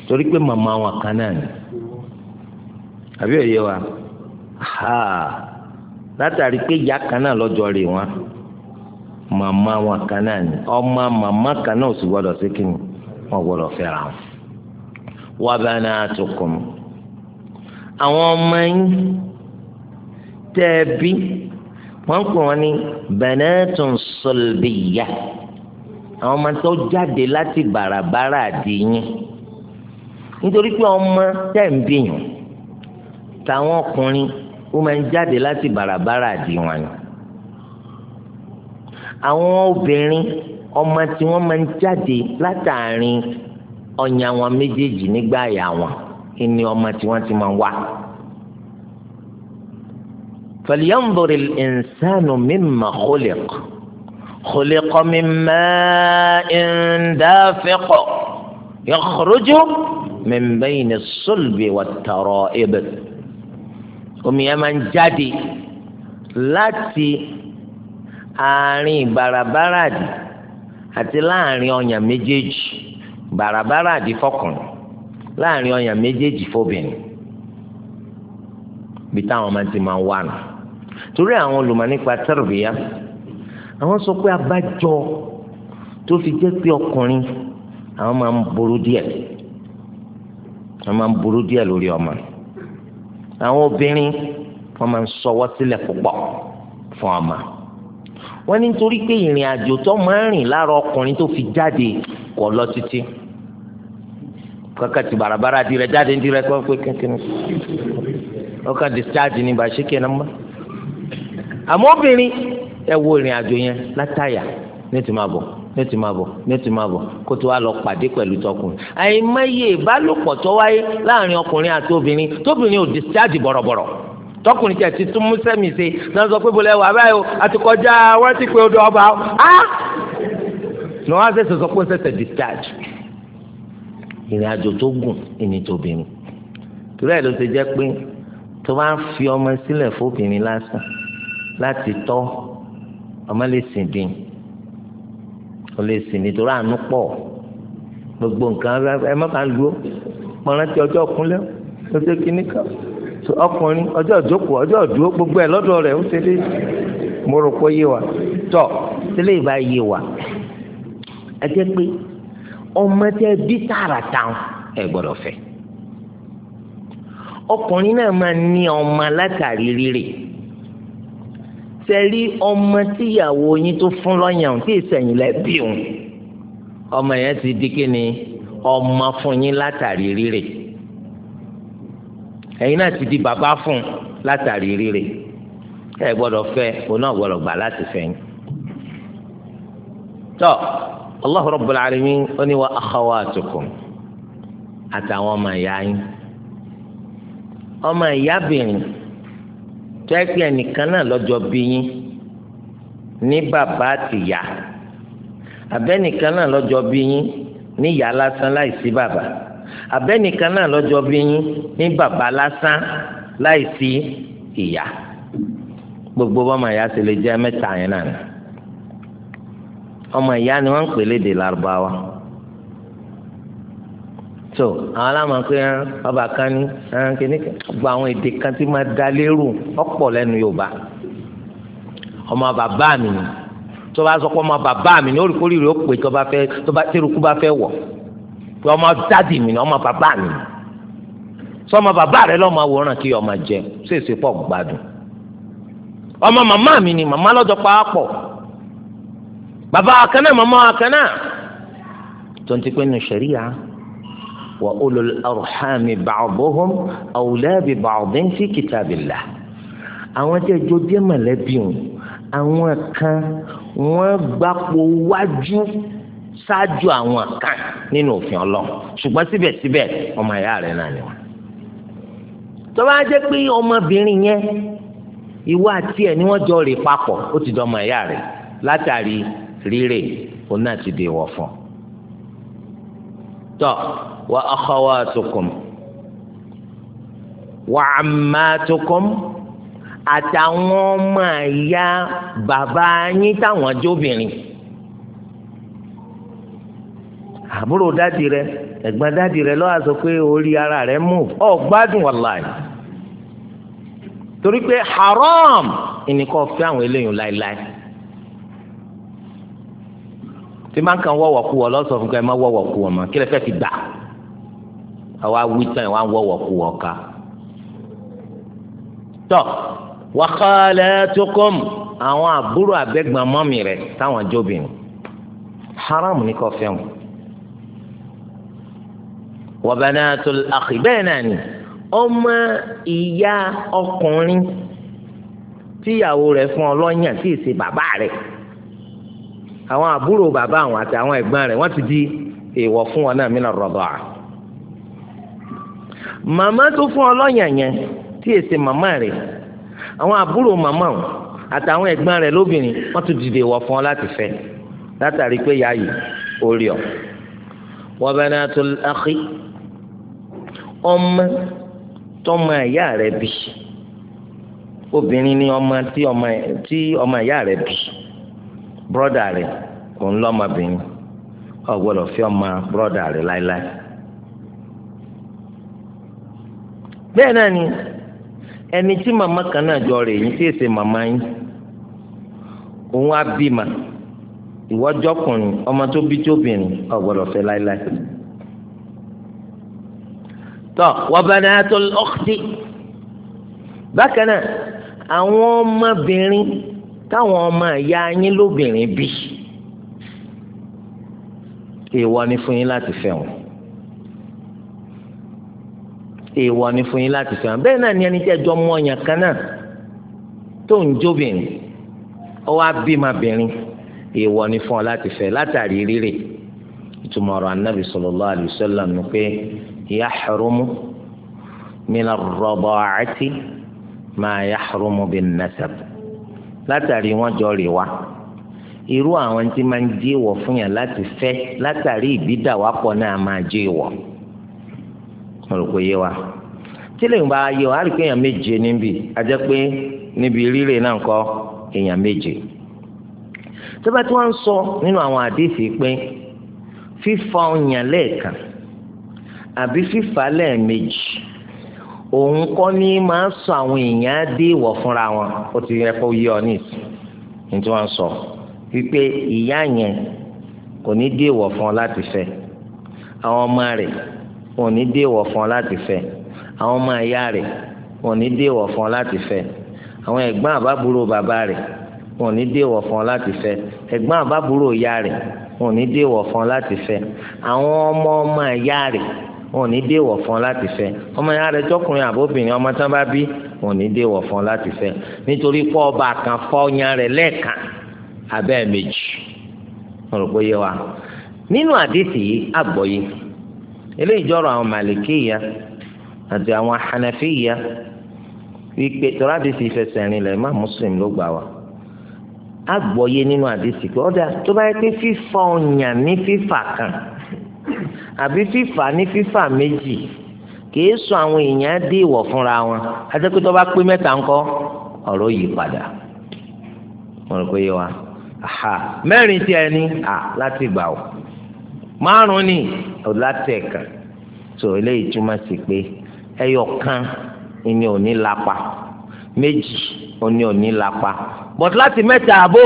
torí pé màmá wọn kan náà ni àbí òye wa ha látàrí pé ìyá kan náà lọ́jọ́ rè wọn màmá wọn kan náà ni ọmọ màmá kan náà ò sì gbọdọ̀ sí kíni wọn gbọdọ̀ fẹ́ra wọn. wa banatukum àwọn ọmọ yín tẹ́ ẹ bí wọ́n pè wọ́n ní banatun salbiya àwọn ọmọ tó jáde láti bàràbàrà àdìyìn nítorí pé ọmọ tẹ̀ ń bìyàn táwọn ọkùnrin ó máa ń jáde láti bàràbàrà àdìyàn ni àwọn obìnrin ọmọ tí wọ́n máa ń jáde látàrin ọyàn wọn méjèèjì nígbà àyà wọn ìní ọmọ tí wọ́n ti máa wá. فلينظر الإنسان مما خلق خلق من ماء دافق يخرج من بين الصلب والترائب omi yẹn máa ń jáde láti àárín ìbarabáradì àti láàrin ọyàn méjèèjì ìbarabáradì fọkùnrin láàrin ọyàn méjèèjì fóbìnrin bí táwọn máa ti máa wà nù torí àwọn olùmọ̀ nípa tẹ́rùbíyá àwọn sọ pé abájọ tó fi jẹ́ pé ọkùnrin àwọn máa ń burú díẹ̀ wọ́n máa ń burú díẹ̀ lórí ọmọ àwọn obìnrin wọ́n máa ń sọwọ́ sílẹ̀ púpọ̀ fún ọmọ. wọ́n ní nítorí pé ìrìn àjò tó máa ń rìn lára ọkùnrin tó fi jáde kọ̀ lọ títí kọ́kọ́ ti bàràbàrà di rẹ̀ jáde di rẹ̀ kọ́ pé kékeré ọkọ̀ discharge ni bàṣẹ kẹ́nà mọ́ àmọ́ obìnrin ẹ wo ìrìn àjò yẹn látàyà ní ti máa bọ̀ ní ti máa bọ̀ ní ti máa bọ̀ kó tó wá lọ pàdé pẹ̀lú tọkùnrin àìmọye ìbálòpọ̀ tó wáyé láàrin ọkùnrin àti obìnrin tóbìnrin ò discharge bọ̀rọ̀bọ̀rọ̀ tọkùnrin tẹ̀ ti tún mú sẹ́mi ṣe náà sọ pé bọ́lá ẹwà báyìí o àti kọjá wọ́n ti pé odò ọba o á ní wọ́n á sẹ̀sẹ̀ sọ pé ó sẹ̀sẹ̀ discharge ìrìn àjò tó gùn ìní tóbìnrin torí ẹ̀ ló ti jẹ́ pé tó bá ń fi ọmọ sílẹ̀ fóbìnrin lásán láti tọ́ ọmọ lè sìn dín ó lè sìn nítorí àánú pọ̀ gbogbo nǹkan ẹ má bàa lu ó pọ̀nrántí ọjọ́ kúnlẹ̀ ó ṣe kíní kan ètò ọkùnrin ọjọ́ ìjókòó ọjọ́ ìdúró gbogbo ẹ̀ lọ́dọ̀ rẹ̀ ó ṣe dé mo rò pé yé wa tọ̀ sílẹ̀ ìbá yé wa ẹ jẹ́ pé ọmọ tẹ bí tààràtà ẹ gbọ́dọ̀ fẹ́ ọkùnrin náà máa ní ọmọ látàrí rírè sẹ́rí ọmọ tíyàwó yín tó fún lọ́yàn tí ìsẹ̀yìn lẹ́ ọmọ yẹn ti di kí ni ọmọ fún yín látàrí rírè ẹ̀yin náà ti di bàbá fún un látàrí rírè ẹ gbọ́dọ̀ fẹ́ òun náà gbọ́dọ̀ gbà láti fẹ́ yín. tọ́ Allahu Rabbul Alamin ó ní wa akhawatukum àtàwọn ọmọ ìyá yín ọmọ ìyábìnrin tẹ́ pé ẹnìkan náà lọ́jọ́ bí yín ní bàbá àtìyá àbẹ́nìkan náà lọ́jọ́ bí yín ní ìyá lásán láì bàbá abẹ́nìkan náà lọ́jọ́ bí yín ní bàbá lásán láì sí ìyá gbogbo ọmọ ìyá sì lè jẹ́ mẹ́ta yẹn náà ọmọ ìyá ni wọ́n ń pè lédè lárúbáwá so àwọn aláma pé ọba kan ní kìnnìkan gba àwọn èdè kan tí máa da lérò ọ̀pọ̀ lẹ́nu Yorùbá ọmọ bàbá mi ni tó bá sọ pé ọmọ bàbá mi ni ó rí kórìíra ó pè tó bá fẹ́ tó bá tẹ́rù kú bá fẹ́ wọ̀ pé ọmọ dádì mi ni ọmọ bàbá mi ni sọmọ bàbá rẹ lọ́mọ àwòrán kí ọmọ jẹ ṣèṣe pọ̀ gbádùn ọmọ màmá mi ni màmá lọ́jọ́ paapọ̀ bàbá akẹ́nà màmá akẹ́nà tó ń ti pé nu sẹ̀ríya wa ulul arhami ba'duhum awla bi ba'din fi kitabillah àwọn tí ẹjọ́ jẹ́ mọ̀lẹ́bí wọn àwọn kan wọ́n gbapò wájú ṣáájú àwọn kan nínú òfin Ọlọ́run ṣùgbọ́n síbẹ̀síbẹ̀ ọmọ ìyá rẹ̀ náà ni wọn. tó bá jẹ́ pé ọmọbìnrin yẹn ìwọ àti ẹ̀ ni wọ́n jọ rè papọ̀ ó ti dọ́mọ ìyá rẹ̀ látàrí rírè òun náà ti dè wọ̀ fún un. tọ́ wa akhawatukum wa ammatukum àtàwọn ọmọ ìyá bàbá yín táwọn jóbìnrin àbúrò dáàdì rẹ ẹ̀gbọ́n dáàdì rẹ lọ́wọ́ sọ pé orí ara rẹ mú ọ gbádùn wàláì torí pé haram ìníkọ́ fẹ́ àwọn eléyìí láéláé tí máa ń kàn wọ́wọ́ kú ọ lọ́sọ̀ fún ká ẹ má wọ́wọ́ kú ọ mọ́ kí lè fẹ́ fi gbà àwa wí tán ìwà ń wọ́wọ́ kú ọ ká tọ́ wàhálà tó kọ́ àwọn àbúrò àbẹ́gbọ̀n mọ́mì rẹ̀ táwọn jóbìnrin haram ní kò wọn wa banatul akhi bẹ́ẹ̀ náà ni ọmọ ìyá ọkùnrin tíyàwó rẹ̀ fún ọlọ́yàn tí ì ṣe bàbá rẹ̀ àwọn àbúrò bàbá àwọn àti àwọn ẹ̀gbọ́n rẹ̀ wọ́n ti di èèwọ̀ fún wọn náà mina rada'a màmá tó fún ọlọ́yàn yẹn tí ì ṣe màmá rẹ̀ àwọn àbúrò màmá wọn àtàwọn ẹ̀gbọ́n rẹ̀ lóbìnrin wọ́n ti dìde èèwọ̀ fún ọ láti fẹ́ látàrí pé yáàyè ó rí ọ wa banatul akhi. ọmọ tọmọ ìyá ya bí obìnrin ni ọmọ tí ọmọ tí ọmọ ìyá rẹ̀ bí bọ́dà rẹ̀ kò ń lọ́mọbìnrin o fi ọmọ ẹni tí màmá kan náà jọ rè yín tí èsè màmá yín òun á bímọ ìwọ́jọ́kùnrin ọmọ tó bí tóbìnrin tọ wa banatul ukhti bákan náà àwọn ọmọbìnrin táwọn ọmọ ìyá yín lóbìnrin bí èèwọ̀ ni fún yín láti fẹ́ wọn èèwọ̀ ni fún yín láti fẹ́ wọn bẹ́ẹ̀ náà ni ẹni tí ẹ jọ mú ọyàn kan náà tó ń jóbìnrin ó wá bímọbìnrin èèwọ̀ ni fún ọ láti fẹ́ látàrí rírè ìtumọ̀ ọ̀rọ̀ anábì sallallahu alaihi wasallam pé. يحرم من ar ما يحرم بالنسب. لا تري látàrí wọn jọ rè wá irú àwọn tí máa ń jí ìwọ fún yàn láti fẹ́ látàrí ìbídàwápọ̀ náà máa jí ìwọ mo rò pé yé wa tí lèyìn bá yọ á rí pé èèyàn méje níbi a jẹ́ pé níbi rírè náà kọ́ èèyàn àbí fífà lẹ́ẹ̀mejì òun kọ́ ni máa sọ àwọn èèyàn dé ìwọ̀ fúnra wọn ó ti yẹ kó yí ọ nísì ní tí wọ́n sọ wípé ìyá yẹn kò ní dé ìwọ̀ fún ọ láti fẹ́ àwọn ọmọ rẹ̀ wọn ò ní dé ìwọ̀ fún ọ láti fẹ́ àwọn ọmọ ìyá rẹ̀ wọn ò ní dé ìwọ̀ fún ọ láti fẹ́ àwọn ẹ̀gbọ́n àbábúrò bàbá rẹ̀ wọn ò ní dé ìwọ̀ fún ọ láti fẹ́ ẹ̀gbọ́n àbábúrò ìyá rẹ̀ wọn ò ní dé ìwọ̀ fún ọ láti fẹ́ àwọn ọmọ ọmọ ìyá rẹ̀ wọn ò ní dé wọ̀ fún ọ láti fẹ́ ọmọ yẹn arẹ jọkùnrin àbóbìnrin ọmọ tán bá bí wọn ò ní dé wọ̀ fún ọ láti fẹ́ nítorí pé ọba kan fọ́ ọyàn rẹ̀ lẹ́ẹ̀kan abẹ́ méjì wọn rò pé yé wa nínú àdìsí yìí àgbọ̀yé eléyìí jọrọ àwọn màlìkéyà àti àwọn hànàfíyà wípé tọ́lá àdìsí ìfẹsẹ̀rin lẹ̀ má mùsùlùmí ló gbà wá àgbọ̀yé nínú àdìsí pé ọ̀dà àbí fífà ní fífà méjì kìí sọ àwọn èèyàn dé ìwọ̀ fúnra wọn àtẹ́kù tó bá pé mẹ́ta ńkọ́ ọ̀rọ̀ yìí padà wọn rò pé yé wa aha mẹ́rin tí ẹ ní à láti gbà ó márùn ni ò láti ẹ̀ka tó eléyìí túmọ̀ sí pé ẹyọ kan ni ò ní lápa méjì ni ò ní lápa but láti mẹ́ta àbò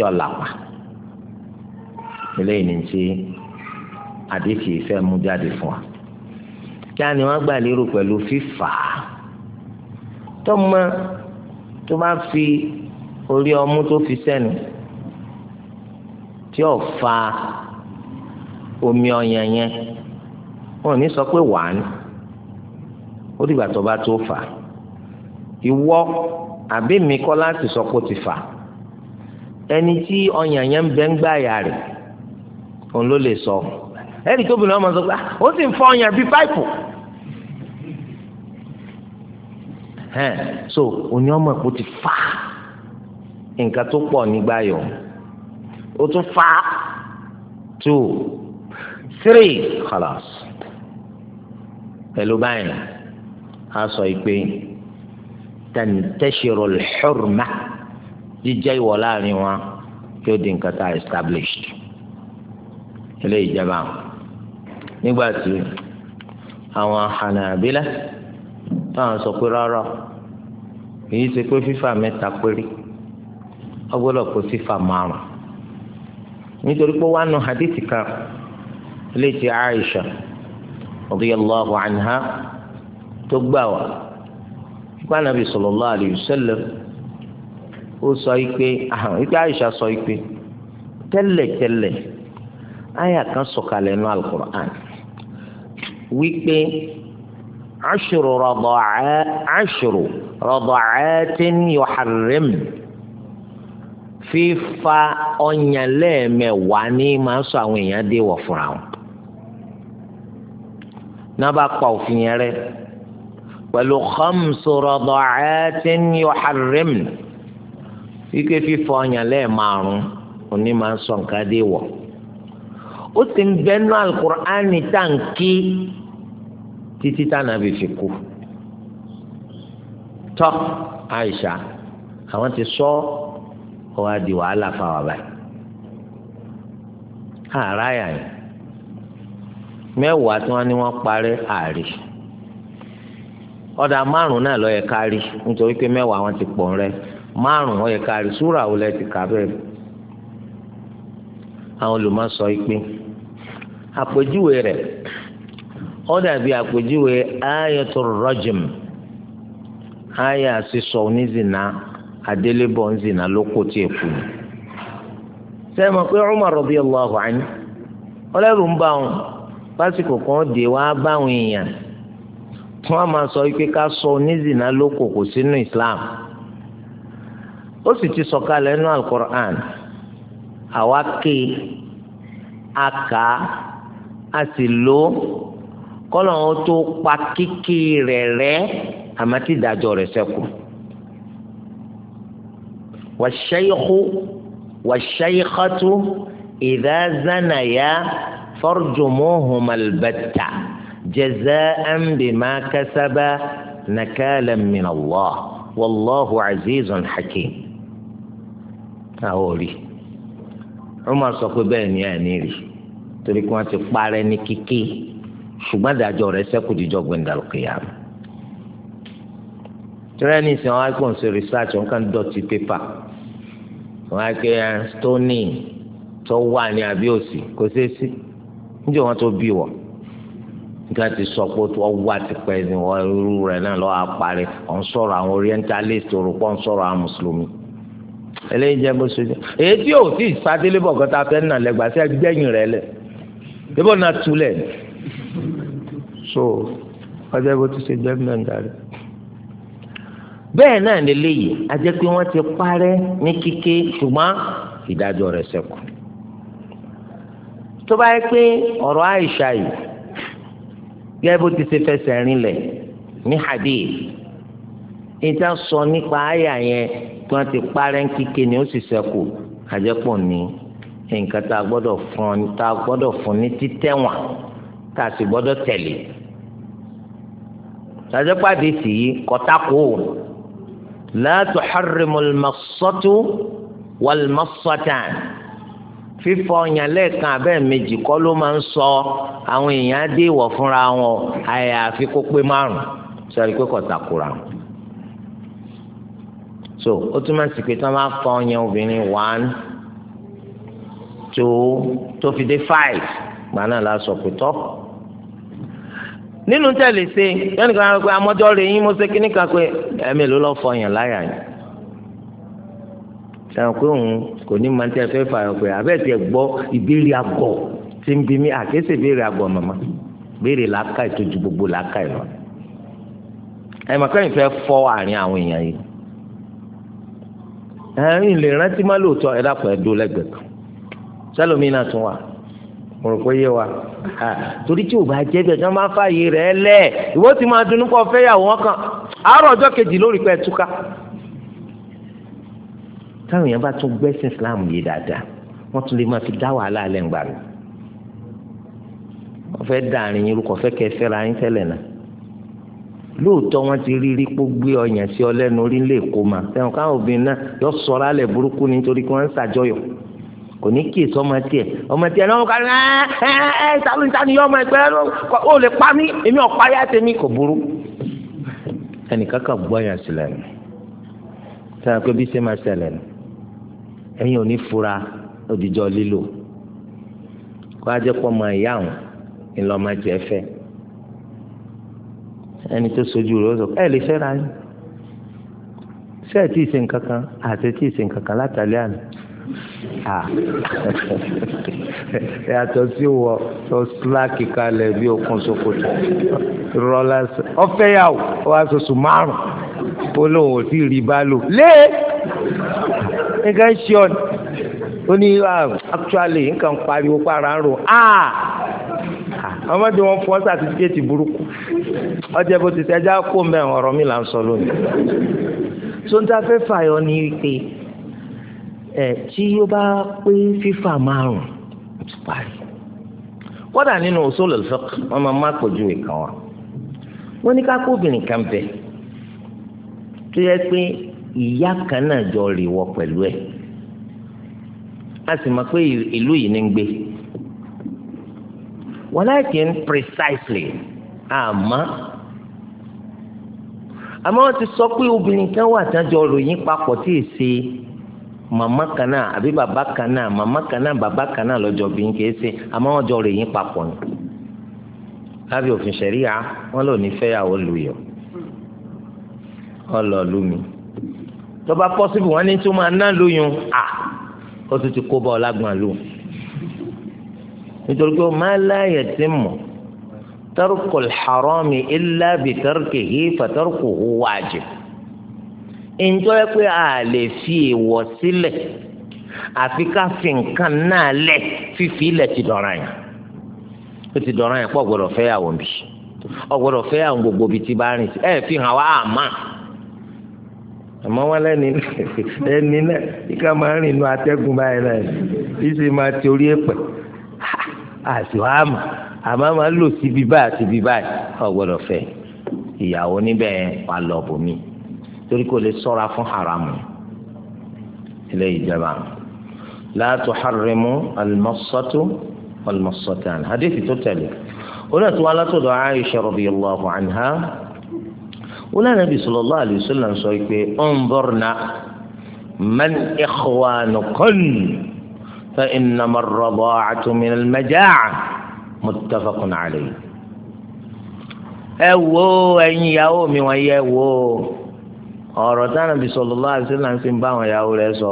yọ lápa eléyìí ní ti àdéhìí fẹ́ mú jáde fún wa kí á ní wọ́n gbà lérò pẹ̀lú fífà tọ́mọ tó bá fi orí ọmú tó fi sẹ́nu tí ò fa omi ọyàn yẹn wọn ò ní sọ pé wàá ní ó dìgbà tó bá tó fà ìwọ àbí mi kọ́ láti sọ pé ó ti fà ẹni tí ọyàn yẹn ń bẹ ń gbà yà rẹ̀ òun ló lè sọ. So ẹ̀rí tóbi náà mọ̀ sọ pé ah, ó sì ń fọ ọyàn bíi páìpù. so òní ọmọ ẹ̀kọ́ ti fà á nǹkan tó pọ̀ nígbà yọ̀ ó tún fà two three khalas pẹ̀lú báyìí a sọ pé tẹ̀ǹtẹ̀ṣirò lẹ́xọ́rùmá jíjẹ́ ìwọ̀ láàrin wọn yóò di nǹkan tá a established eléyìí jẹ́ nígbà tí àwọn na táwọn sọ pé rárá èyí ṣe pé fífà mẹ́ta péré fifa pé fífà márùn nítorí pé wọ́n nu hadithi kan ilé ti Aisha radiyallahu anha tó gbà wá ìgbà nàbì sallallahu alayhi wa sallam ó sọ ìpè àhàn ìpè Aisha sọ ìpè tẹ́lẹ̀tẹ́lẹ̀ àyà kan sọ̀kalẹ̀ nù al wípé ashru rada'a ashru rada'atin yuharrim fífa ọyàn lẹ́ẹ̀mẹ̀wá ní máa sọ àwọn èèyàn déwọ̀ fúnra wọn náà bá pa òfin yẹn rẹ pẹ̀lú khamsu rada'atin yuharrim wípé fífa ọyàn lẹ́ẹ̀márùn òní máa sọ nǹkan déwọ̀. ó ti ń bẹnu alukur'ani tanki títí tànàbí fi kú Aisha àwọn ti sọ ọ wá di wàhálà fáwọn báyìí ààrá yà yìí mẹ́wàá tí wọ́n ní wọ́n parí ààrẹ ọ̀dà márùn náà lọ́ọ́ yẹ kárí nítorí pé wọn ti pọ̀ rẹ márùn kárí súrà ti àwọn olùmọ̀ sọ pé àpèjúwe rẹ̀ ó dàbí àpèjúwe ayatul rajm aya sísọ onízìnnà adélébọ̀ ńzìnnà ló kó tiẹ̀ ni. sẹ́mi pé Umar radiyallahu anhu ọlẹ́rù ń bá wọn lásìkò kan dé wá báwọn èèyàn tí wọ́n máa sọ pé ká sọ onízìnnà ló kò sínú Islam ó sì ti nínú al àwa ké aka. a sì lò ó kọ́lọ̀ ó tó pa kíkì rẹ̀ rẹ́ àmọ́ tí ìdájọ́ rẹ̀ ṣẹ́kù. wàṣẹ́yìkú wàṣẹ́yìkátú ìdá zanaya farjumuhuma albatta jaza'an bima kasaba nakalan azizun hakim. àwọn ò rí Umar sọ pé bẹ́ẹ̀ ni ẹ̀ ní rí torí kí wọ́n ti parẹ́ ní kíké ṣùgbọ́n ìdájọ́ rẹ̀ ṣẹ́kù díjọ́ gbẹ̀ndàlùkìyà. tírẹ́nì sí àwọn akpọ̀ ṣe research wọn kàn dọ̀tí pépà wọn akẹ́ eh, stóní tó wà ní abíòsì kò ṣeé sí níjẹ́ wọn tó bí wọ̀ nígbà tí sọpọ̀ tó wà tipẹ́ ní wọ́n irú rẹ̀ náà lọ́wọ́ àparí ọ̀n sọ̀rọ̀ àwọn orientalist òrùpọ̀ ń sọ̀rọ̀ àwọn mùsùlùmí eléyìí jẹ́ bó ṣe jẹ́ èyí tí ò tí ì sádélébọ̀ kọ́ta fẹ́ nà lẹ́gbàá sí ẹgbẹ́yìn rẹ̀ lẹ̀ ebo na tulẹ̀ so ọjọ́ bó ti ṣe jẹ́ mẹ́ta rẹ̀ bẹ́ẹ̀ náà lélẹ́yìí a jẹ́ pé wọ́n ti parẹ́ ní kíké ṣùgbọ́n ìdájọ́ rẹ̀ ṣẹ́kù tó bá yẹ pé ọ̀rọ̀ àìṣà yìí gẹ́gẹ́ bó ti ṣe fẹsẹ̀ rinlẹ̀ ní hadith ìta sọ nípa àyà yẹn tí wọ́n ti parẹ́ ní kíké ni ó sì ṣẹ́kù àjẹpọ̀ ní nǹkan tá a gbọ́dọ̀ fún tá a gbọ́dọ̀ fún ní títẹ̀wọ̀n tá a sì gbọ́dọ̀ tẹ̀lé tàdépàdé sì yí kọ́tàkó la tuharrimul massatu wal massatan fífọ ọyàn lẹ́ẹ̀kan abẹ́ẹ̀ méjì kọ́ ló máa ń sọ àwọn èèyàn dé ìwọ̀ fúnra wọn àyàfi kó pé márùn sọ̀rọ̀ pé kọ̀tàkùrà wọn. so ó túmọ̀ sí pé tí wọ́n bá fọ ọyàn obìnrin one tó tó fi dé five gbà náà la sọ pé tọ́. nínú tẹ̀lé ṣe yẹn nìkan á pé amọ́jọ́ rẹ̀ yín mo ṣe kíní kan pé ẹ̀mí ló lọ́ọ́ fọ yàn láyà yẹn. sẹ́wọ̀n pé òun kò ní máa ń tẹ́ fẹ́ fà yọ pé àbẹ́ tiẹ̀ gbọ́ ìbéèrè àgọ̀ tí ń bi mí àkéṣe ìbéèrè àgọ̀ màmá béèrè làákà ìtọ́jú gbogbo làákà ìlọ. ẹ̀ mọ̀ kẹ́yìn fẹ́ fọ́ àárín àwọn èèyàn yìí. ẹ̀rín lè rántí má lóòótọ́ ẹ dákun ẹ lẹ́gbẹ̀ẹ́ kan sẹlómi náà tún wà mo rò pé yé wa torí tí o bá jẹ́ bẹ́ẹ̀ tí wọ́n máa fààyè rẹ̀ lẹ̀ ìwọ ti máa dunú kọ́ fẹ́ yàwó wọn kan àárọ̀ ọjọ́ kejì lórí pẹ́ túká táwọn èèyàn bá tún gbẹ́sìn Islam yìí dáadáa wọ́n tún lè máa fi dá wàhálà alẹ́ ńgbà mi wọ́n fẹ́ dàrin yín lukọ̀ fẹ́ kẹsẹ́ ra yín tẹ́lẹ̀ náà lóòótọ́ wọ́n ti rí rí gbé ọyàn sí ọ lẹ́nu orí ńlẹ̀ kó káwọn obìnrin náà yọ kò ní kí èso ọmọ tiẹ̀ ọmọ tiẹ̀ náà wọn kà ní ẹ ẹ ìtàlù ìtàlù yọ ọmọ ìpẹ́ ó lè pa mí èmi ọ̀pá yá tèmi kò burú. ẹnìkan kan gbọ́ yàn sílẹ̀ ni sábà pé bí ṣe máa ṣẹlẹ̀ ni ẹ̀yin ò ní fura òdìjọ́ lílò kó ajẹ́ pọ̀ mọ ìyá àwọn ńlọmọ jẹ́ fẹ́ ẹni tó sojú rẹ̀ ó ẹ lè fẹ́ra yín ṣé ẹ tí ṣe nǹkan kan àti ẹ tí ṣe nǹkan kan látàlẹ́ àná yàtọ̀ sí wọ lọ síláàkì kalẹ̀ bí okun sokoto rọlá ọfẹ́ yà wò wá soso márùn olóhùn ò tí ì rí bá lò lé nǹkan ṣe ọ ó ní ah, actually nǹkan pariwo para ń rò áà ọmọdé wọn fọ sàtífíkẹ́tì burúkú ọjọ́ bó ti ṣe ẹjá kó mẹ́rin ọ̀rọ̀ mi là ń sọ lónìí. sóńtà fẹ́ fàyọ ní pé ẹ̀ tí ó bá pé fífà márùn ó ti parí. kódà nínú usul al-fiqh máa má pọ̀jù ìkan wa wọ́n ní ká kó obìnrin kan bẹ̀ tó yẹ pé ìyá kan náà jọ rè pẹ̀lú ẹ̀ a sì mọ̀ pé ìlú yìí ní ń gbé walakin precisely àmọ́ àmọ́ wọ́n ti sọ pé obìnrin kan wà tájọ ròyìn papọ̀ tí ì ṣe màmá kan náà àbí bàbá kan náà màmá kan náà bàbá kan náà lọ́jọ́ bí n kìí ṣe àmọ́ wọ́n jọ rè yín papọ̀ ni lábẹ́ òfin ṣẹ̀ríyà wọ́n lò ní fẹ́yàwó lùyọ̀ ọlọ lumi tọba pọ́sibù wọ́n ní tí wọ́n máa ná lóyún à ó tún ti kó bá ọ lágbọ̀n lù nítorí pé máa láàyè tí mọ̀ tarkul harami illa bi tarkihi fa tarkuhu wajib. ǹjọ́ pé a lè fi èèwọ̀ sílẹ̀ àfi ká fi nǹkan lẹ̀ ti dọ̀ra yẹn o ti dọ̀ra yẹn pọ̀ gbọ́dọ̀ fẹ́ àwọn bì gbogbo bíi ti bá rìn sí ẹ fi hàn wá àmà wọn ẹni náà máa rìn inú báyìí náà yìí máa ti orí àti máa lò síbi báyìí torí kò lè sọ́ra fún haramu ilé ìjọba la tuharrimu al-massatu wal-massatan hadithi tó tẹ̀lé ona tó wá látọ̀dọ̀ Aisha radiyallahu anha ona nabi sallallahu alayhi wa sallam sọ pé unzurna man ikhwanukun fa innama ar-rada'atu min al-maja'a muttafaqun alayhi ẹ wo ẹ̀yin ìyàwó mi wọn yẹ wo. ọ̀rọ̀ tánàbí sallallahu alaihi wasallam ń bá àwọn ìyàwó rẹ̀ sọ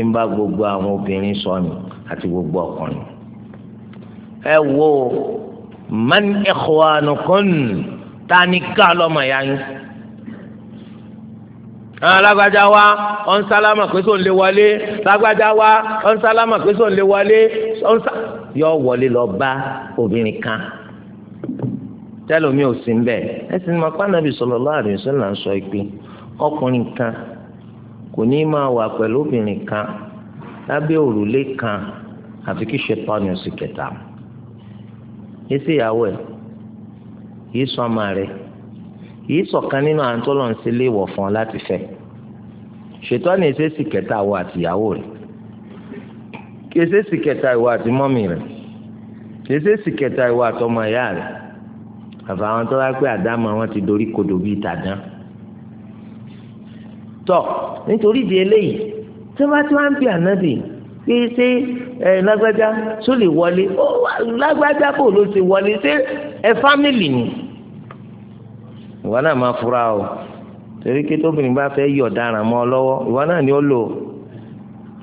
ń bá gbogbo àwọn obìnrin sọ ni àti gbogbo ọkùnrin. ẹ wo man ikhwanukun ta ni ká lọ́mọ ìyá yín. alágbájá wa ọ̀n sálámà pé sóun lè wọlé lágbájá wa ọ̀n sálámà pé sóun lè wọlé yọ wọlé lọ bá obìnrin kan tẹ́lómi ò sí ń bẹ̀ ẹ sì ní ma pa Ànábì sallallahu alaihi wasallam ń sọ ìpín ọkùnrin kan kò ní máa wà pẹ̀lú obìnrin kan lábẹ́ òrùlé kan àfi kí ṣètọ́ni oṣù kẹta yìí sí ìyàwó ẹ̀ yìí sọ ọmọ rẹ̀ yìí sọ̀kan nínú àwọn tó lọ ń ṣe léèwọ̀ fún ọ láti fẹ́ ṣètọ́ni ìṣesì kẹta wọ àtìyàwó rẹ̀ kì í ṣesì kẹta ìwọ àti mọ́mì rẹ̀ kì í ṣesì kẹta ìwọ àtọmọ ìyá rẹ̀ àfàwọn tó wá pé àdámọ̀ wọn ti dorí kodò bíi tàdán tọ nítorí ìdí eléyìí tí wọn bá ti wọn bí ànábì pé ṣé ẹ lágbájá tó lè wọlé ó lágbájá bò ló ti wọlé ṣé ẹ fámìlì ni ìwọ náà máa fura o torí kí tóbìnrin bá fẹ́ yọ̀ dára mọ́ ọ lọ́wọ́ ìwọ náà ni ó lò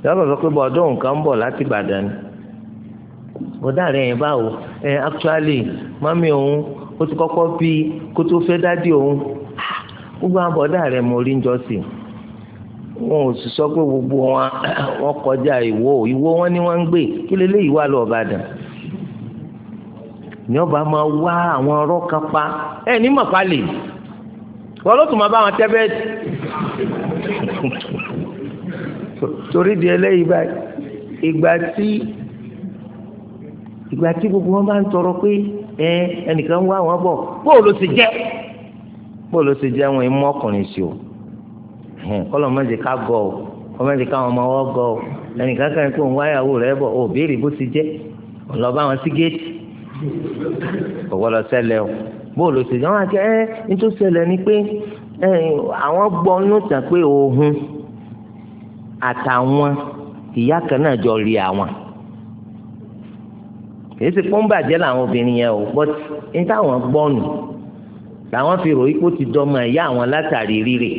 ó bàbá pé bọ́ọ̀dọ́ nǹkan ń bọ̀ láti Ìbàdàn ni bọ́dà yẹn báwo ẹ actually mami òun ó ti kọ́kọ́ bí kó tó fẹ́ dádì òun ah, gbogbo àwọn rẹ̀ mo rí ń jọ sí i wọn ò sì sọ pé gbogbo wọn wọn kọjá ìwọ ìwọ wọn ni wọn ń gbé kí lélẹyìí wà lọ ọbàdàn ní ọba máa wá àwọn ọ̀rọ̀ kan pa ẹ ní màpá lè wọn ló tún máa bá wọn tẹ bẹ́ẹ̀ torí di eléyìí báyìí ìgbà tí ìgbà tí gbogbo wọn bá ń tọrọ pé ẹ ẹnìkan wá wọn bọ̀ bóòlù ti jẹ bóòlù ti jẹ wọn ìmú ọkùnrin sí o kọ́lọ̀ mọ́jẹ ká gọ̀ ọ́ kọ́mọ́jẹ káwọn ọmọ ọwọ́ gọ̀ ọ́ ẹnìkan kan kó ń wáyàwó rẹ̀ bọ̀ ò béèrè bó ti jẹ́ ọ̀lọ́ bá wọn sí géètì ọ̀gbọ́dọ̀ ṣẹlẹ̀ o bóòlù sì jẹ́ wọn àti ẹ nítorí ṣẹlẹ̀ ni pé àwọn gbọ́ nùtàn pé òun àtàwọn ìyá kan náà jọ rí àwọn kìí ṣe pọ́n bàjẹ́ làwọn obìnrin yẹn o but ní táwọn gbọ́ nù làwọn fi ròyìn pé ti dọ́mọ ẹ̀yà àwọn látàrí rírè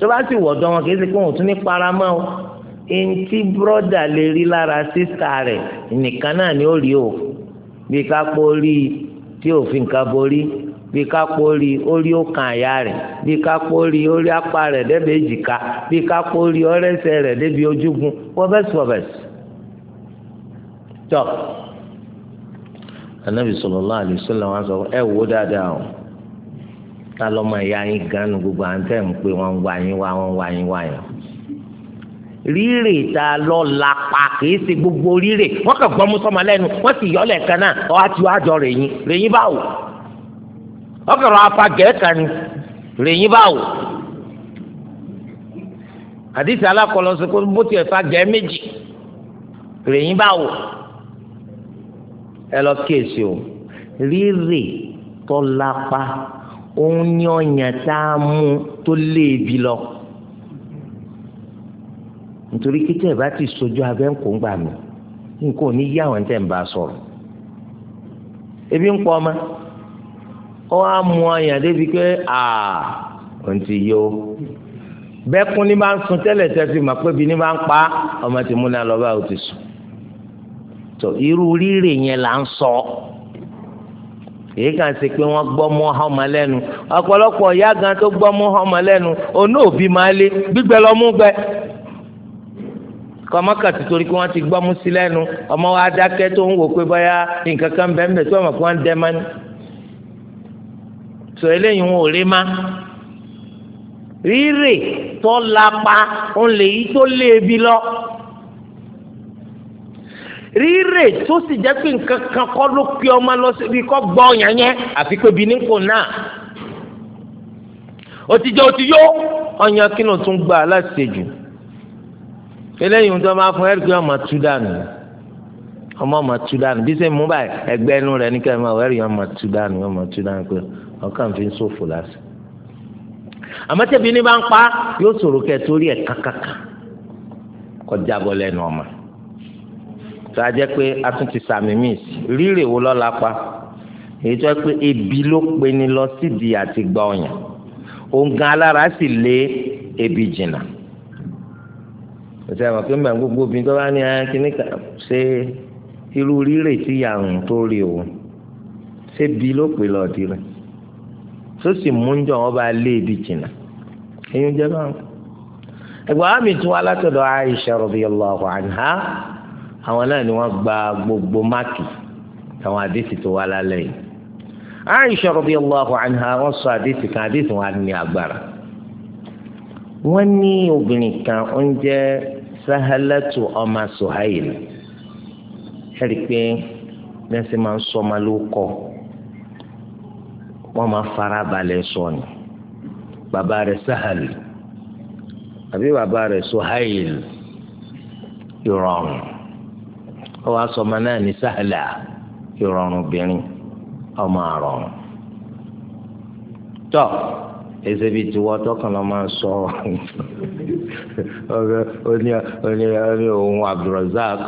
tó bá sì wọ̀dọ̀ wọn kì í ṣe pé òun tún ní paramọ́ o eŋti brọ́dà lè rí lára sísá rẹ̀ nìkan náà ni ó rí o bí kápó rí tí òfin kan borí bí kápó rí orí òkan àyà rẹ̀ bí kápó rí orí apá rẹ̀ débi èjìká bí kápó rí ọrẹ́sẹ̀ rẹ̀ débi ojúgun pọ́fẹ́sì pọ́fẹ́sì. tọ́ anabi sallallahu alaihi wasallam ẹ wò dáadáa o ta lọ́mọ ìyá yín gan nu gbogbo à ń tẹ̀ ń pé wọ́n ń wá yín wá wọ́n ń wá yín wá yẹn rírè ta lọ lapa kìí ṣe gbogbo rírè wọ́n kàn gbọmú sọmọ lẹ́nu wọ́n sì yọ lẹ́ẹ̀kan náà ọ àti àjọ rèyìn rèyìn báwò wọ́n kàn rọ afagẹ kan ni rèyìn báwò àdìsí alákọlọ sọ pé bó tiẹ̀ fagẹ méjì rèyìn báwò ẹ lọ kíyèsí o rírè tọ́ òun ni ọ̀yàn tá a mú tó léèbi lọ nítorí kí tẹ̀ bá ti sojú abẹ́ ń ń gbà mí nǹkan ò ní yí àwọn tẹ̀ ń bá sọ̀rọ̀ ebi ń pọ̀ ọmọ ó wá mú ọ̀yàn débi pé àà òun ti yó bẹ́kún ní máa ń sun tẹ́lẹ̀ tẹ́sí mà pé bí ní máa ń pa ọmọ tìmúlẹ̀ lọ́ba ò ti sùn tó irú rírè yẹn là ń sọ. So, èyí kàn ṣe pé wọ́n gbọ́ mọ́ ọmọ lẹ́nu ọ̀pọ̀lọpọ̀ ìyá gan tó gbọ́ mọ́ ọmọ lẹ́nu òun òbí máa lé gbígbẹ lọ́mú gbẹ kọ́mọ́kàtì torí pé wọ́n ti gbọ́ mú sí lẹ́nu ọmọ wa dákẹ́ tó ń wò pé báyà nǹkan kan bẹ́ẹ̀ mẹ́tọ́ ọmọ kí wọ́n ń dẹ́ mọ́ni sọ eléyìí wọn ò rí má rírè tó lapa òun lè yí tó lé ebi lọ. rírè tó sì jẹ́ pé nǹkan kan kọ́ ló pe ọmọ lọ síbi kọ́ gbọ́ yẹnyẹ́ àfi pé bí nípò náà ó ti jẹ́ ó ti yó ọyàn kí ló tún gbà aláṣejù eléyìí tó máa fún ẹ̀rí pé ọmọ tú dànù ọmọ ọmọ tú dànù bí sẹ́yìn mú báyìí ẹgbẹ́ inú rẹ̀ ní kẹ́mi àwọn ẹ̀rí ọmọ tú dànù ọmọ tú dànù pé ọkàn fi ń ṣòfò lásìkò àmọ́ tẹ̀bí ní bá ń pa yóò sọ̀rọ̀ kẹ́ torí ẹ̀ kákàkà kọjá bọ́ lẹ́nu ọmọ tó a jẹ́ pé a tún ti sàmì míì sí rírè wo lọ́la pa èyí tó pé ebi ló pe ni lọ sídìí àti gba ọ̀yàn òǹgàn alára sì lé ebi jìnnà òsè àwọn pé mbà gbogbo obìnrin tó bá ní ẹ ah, kíní ká ṣe irú rírè tí àrùn tó rí òun ṣé bi ló pè lọ di rẹ tó sì mú ń jọ wọn bá lé ebi jìnnà ẹyin jẹ báwọn ẹgbẹ́ àmì tún alátọ̀dọ̀ Aisha radiyallahu anha àwọn náà ni wọ́n gba gbogbo máàkì àwọn àdìsí tó wá lálẹ́ yìí Aisha radiyallahu anha wọ́n sọ àdìsí kan àdìsí wọn ní agbára wọ́n ní obìnrin kan ó ń jẹ́ sahalatu ọmọ suhail ẹ̀rí pé bẹ́sẹ̀ máa ń sọmọ ló kọ́ wọ́n máa fara balẹ̀ sọ ni bàbá rẹ̀ sahal àbí bàbá rẹ̀ suhail ìrọ̀rùn. ọwọ asọmọ náà ní sahla ìrọ̀rùn obìnrin ọmọ àrọ̀rùn tọ èsè bíi tiwọ tọkàn lọ máa sọ oní oní oní òun Abdulrazak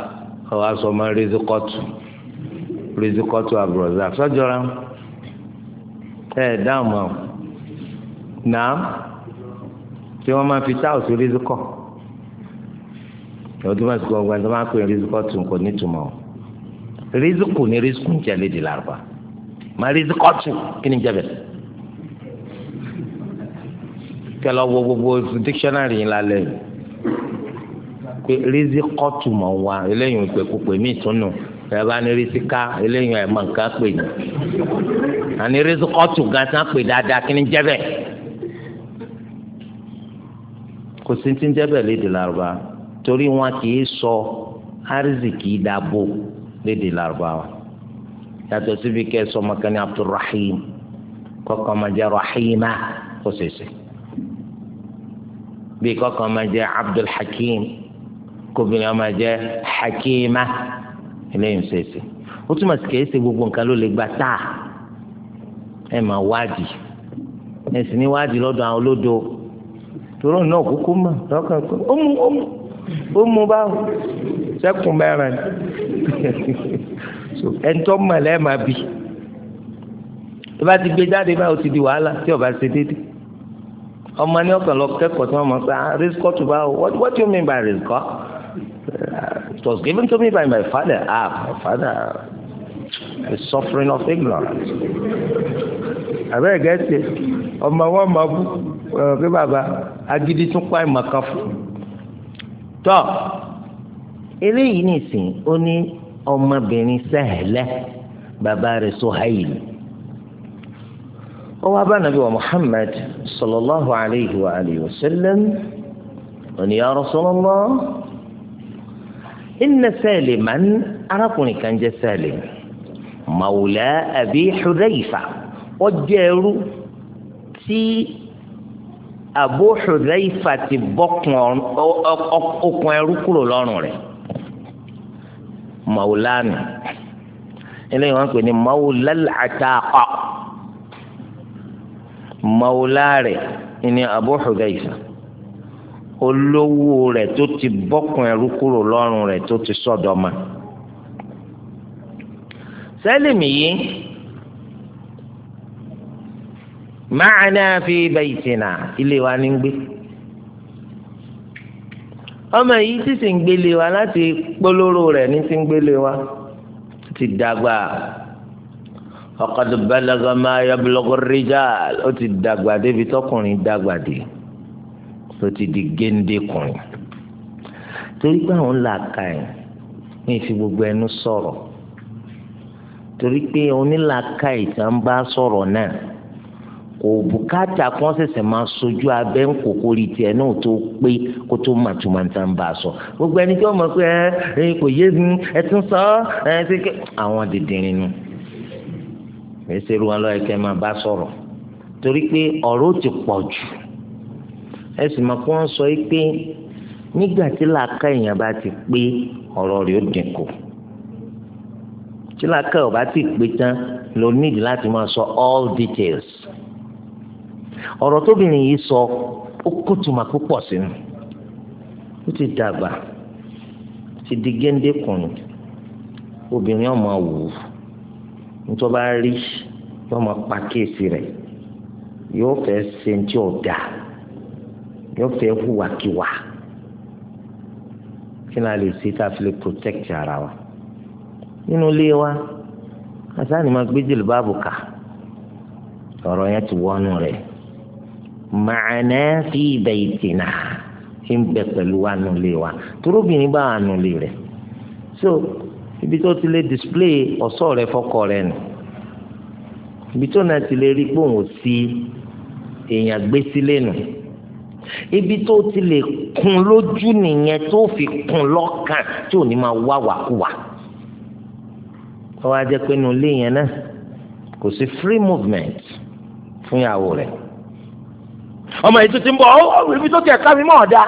ọwọ asọmọ rizikọtù rizikọtù Abdulrazak sọjọra ẹ dáhùn mọ náà tí wọn máa fi táwùsì rizikọ. ìwọ tó bá sọ ọgbà tó máa pè rizikọ tó kò ní tùmọ̀ rizikù ni rizikù ń jẹ lédè lárúbá mà rizikọ tó kí ni jẹbẹ kẹlọ wo gbogbo dictionary yìí lálẹ́ yìí pé rizikọ tó mọ wa eléyìí pé kò pè mí ìtúnú ẹ bá ní rizika eléyìí ẹ mọ nǹkan pè ní àní rizikọ tó gàtán pè dáadáa kí ni jẹbẹ kò sí ti ń jẹbẹ lédè lárúbá torí wọn kì í sọ arzikì dàbò lédè Lárúbáwá yàtọ̀ síbi kẹ́ ẹ sọ ọmọkànnì Abdulrahim kọ́kọ́ máa jẹ́ Rahima kó sèse bí kọ́kọ́ máa jẹ́ Abdulhakim kóbìnrin máa jẹ́ Hakima eléyìí sèse ó túmọ̀ sí kẹ́ẹ́ ṣe gbogbo nǹkan ló lè gba táà ẹ máa wádìí ẹ sì ní wádìí lọ́dọ̀ àwọn olódo tòró náà kúkú mọ̀ lọ́kàn ó mú ó mú ó mú báwo sẹ́kùn mẹ́rin so ẹ̀ńtọ́ mọ̀lẹ́ máa bì tó bá ti gbé jáde báwo ti di wàhálà tí ọba ṣe déédéé ọmọ ní ọkàn lọ kẹ́kọ̀ọ́ tí wọ́n mọ̀ pé ah risk to báwo what do you mean by risk uh, it was given to me by my father ah my father is suffering of ignorance àbẹ́rẹ́ gẹ́sì ọmọ wọn máa bú ọ̀rọ̀ pé bàbá agídí tún pa ìmọ̀ kan fún un tọ́ eléyìí nìsín ó ní ọmọbìnrin sẹ́hẹ̀lẹ́ bàbá rẹ̀ Suhail ó wá bá nàbí wa Muhammad sallallahu alayhi wa alayhi wa sallam ó ní ya Rasulullah inna Saliman arákùnrin kan jẹ́ Salim mawla Abi Hudhayfa ó jẹ́ ẹrú tí. Abu Hudhaifa ti bọ́kun okùn ẹrú kúrò lọ́rùn rẹ̀ maulana eléyìí wọ́n pè ní maulal ataqa maulare ni Abu Hudhaifa olówó rẹ̀ tó ti bọ́kun ẹrú kúrò lọ́rùn rẹ̀ tó ti sọ́dọ̀ ma sẹ́lẹ̀mì yìí. ma'ana fi baytina ilé wa ní gbé ọmọ yìí sì sì ń gbélé wa láti polówó rẹ̀ ní ti ń gbélé wa ti dàgbà faqad balagha ma yablughu rijal ó ti dàgbà débi tọkùnrin dàgbà dé tó ti di géńdékùnrin torí pé àwọn làákàyè ní ìfi gbogbo ẹnu sọ̀rọ̀ torí pé onílàákàyè tí wọ́n bá sọ̀rọ̀ náà kò bùkátà kan ṣẹ̀ṣẹ̀ máa sojú abẹ́ ń kòkòrì tiẹ̀ náà tó pé kó tó mà tó máa ń tàn bá a sọ gbogbo ẹni tí wọ́n mọ̀ pé ẹ kò yé mi ẹ tún sọ ẹ ṣe kẹ́ àwọn dìndìnrín nu èsì ru wọn lọ́ọ́ ẹ̀kẹ́ máa bá sọ̀rọ̀ torí pé ọ̀rọ̀ ti pọ̀ jù ẹ sì mọ̀ pé wọ́n sọ pé nígbà tí làákà èèyàn bá ti pé ọ̀rọ̀ rẹ̀ ó dínkù tí làákà ò bá ti pé tán ló láti máa sọ all details. ọ̀rọ̀ tóbìnrin yìí sọ ó kótùmà púpọ̀ sínú ó ti dàgbà ti di géńdékùnrin obìnrin ọmọ wù ú nítorí bá rí yóò pa kéèsì rẹ̀ yóò fẹ́ ṣe tí ò dà yóò fẹ́ hùwàkiwà kí náà lè ṣe tá a fi lè protect ara wa nínú ilé wa àtàwọn ènìyàn máa gbé jìlìbáàbù ká ọ̀rọ̀ màánà fi baytina ti ń bẹ pẹ̀lú wa wa torobìnrin bá wa nulẹ̀ rẹ̀ so ibi tó ti lè display ọ̀ṣọ́ rẹ̀ fọ́kọ rẹ̀ nù ibi tó náà ti lè rí pé sí èèyàn gbé sílé nù ibi tó ti lè kun lójú nìyẹn tó fi kun lọ́kàn tí ò ní máa wá wàkúwà wọ́n á jẹ́ pé nulẹ̀ yẹn náà kò sí free movement fún ìyàwó rẹ̀ ọmọ yìí tó ti ń bọ̀ ọ́ ibi tó kẹ̀ ká mi mọ̀ ọ́ da.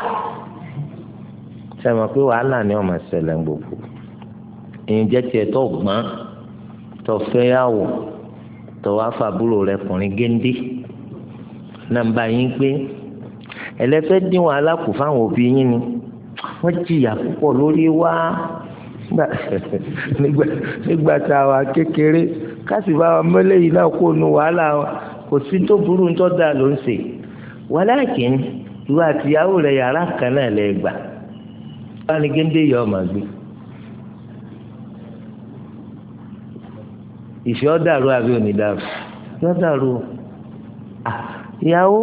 sẹ́wọ̀n pé wàhálà ni ọmọ ṣẹlẹ̀ gbogbo èyí jẹ́ tiẹ̀ tó gbọ́n tó fẹ́yàwó tó wá fàbúrò rẹ̀ kùnrin géńdé nàmbà yín pé ẹlẹ́fẹ́ dín wàhálà kù fáwọn òbí yín ni wọ́n jìyà púpọ̀ lórí wa nígbà tá a wà kékeré ká sì bá wa mọ́lẹ́yìn náà kó nu wàhálà wa kò sí tó burú ń tọ́ da ló ń ṣe wàláàkín ìwọ àtìyàwó rẹ yàrá kan náà lè gbà wọn ni géńdé yọ ọmọ gbé ìfẹ́ ọ dàrú àbí òní dàrú ìfẹ́ ọ dàrú ìyàwó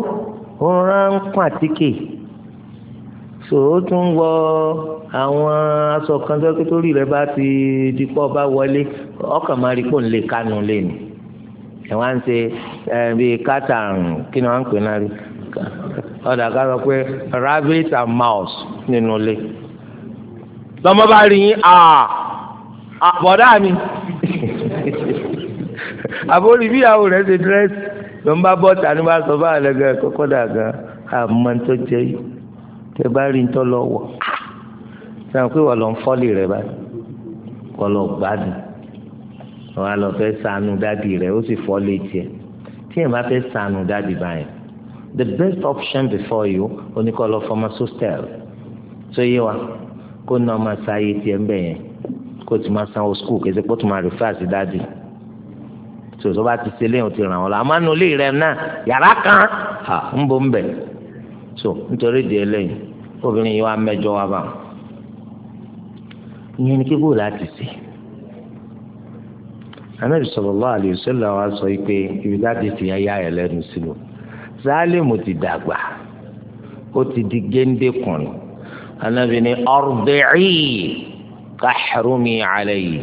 òun rán kún àtíkè so ó tún wọ àwọn aṣọ kan tó kí torí rẹ bá ti di pọ bá wọlé ọkàn máa rí pò ń lè kánú lé ni ẹ wá ń ṣe ẹ bíi kátà kí ni wọn ń pè náà rí ọ̀dà ká sọ pé rabbit and mouse nínú ilé lọ́mọ bá rí yín àbọ̀dá ah, ah, mi àbórí bíyàwó rẹ̀ ṣe dírẹ́sì ló ń bá bọ́ọ̀tà ní bá sọ báyìí lẹ́gbẹ̀ẹ́ kọ́kọ́ dàgbà àmọ́ tó jẹ́ yìí tẹ bá rí tó lọ wọ̀ sàn pé wọ́n lọ ń fọ́lì rẹ̀ báyìí wọ́n lọ gbádùn wọ́n á lọ fẹ́ sànù dádì rẹ̀ ó sì fọ́lì tiẹ̀ tí èèyàn bá fẹ́ sànù dádì báyìí the best option before you oníkọlọ fọmọ sọ́stẹ̀l tó yé wa kó ná ọmọ sáyé tiẹ̀ ń bẹ̀ yẹn kó tó máa sanwó skul kéde kó tó máa rìfáà sí dáàdì tòtò bá ti ṣe léyìn ti ràn wọn lọ àmọ́ nulí rẹ náà yàrá kan ń bọ̀ ń bẹ̀ so nítorí di eléyìí obìnrin yìí wá mẹ́jọ wá bá ìyẹn ni kíkó láti ṣe Ànábì sallallahu alaihi wasallam wa sọ pé ibi láti fi ẹyà ẹ lẹ́nu sílùú zálìmù ti dàgbà ó ti di géńdékùnrin anabi ni ọ̀rùbẹ̀rì káxẹ́rùmí alẹ́ yìí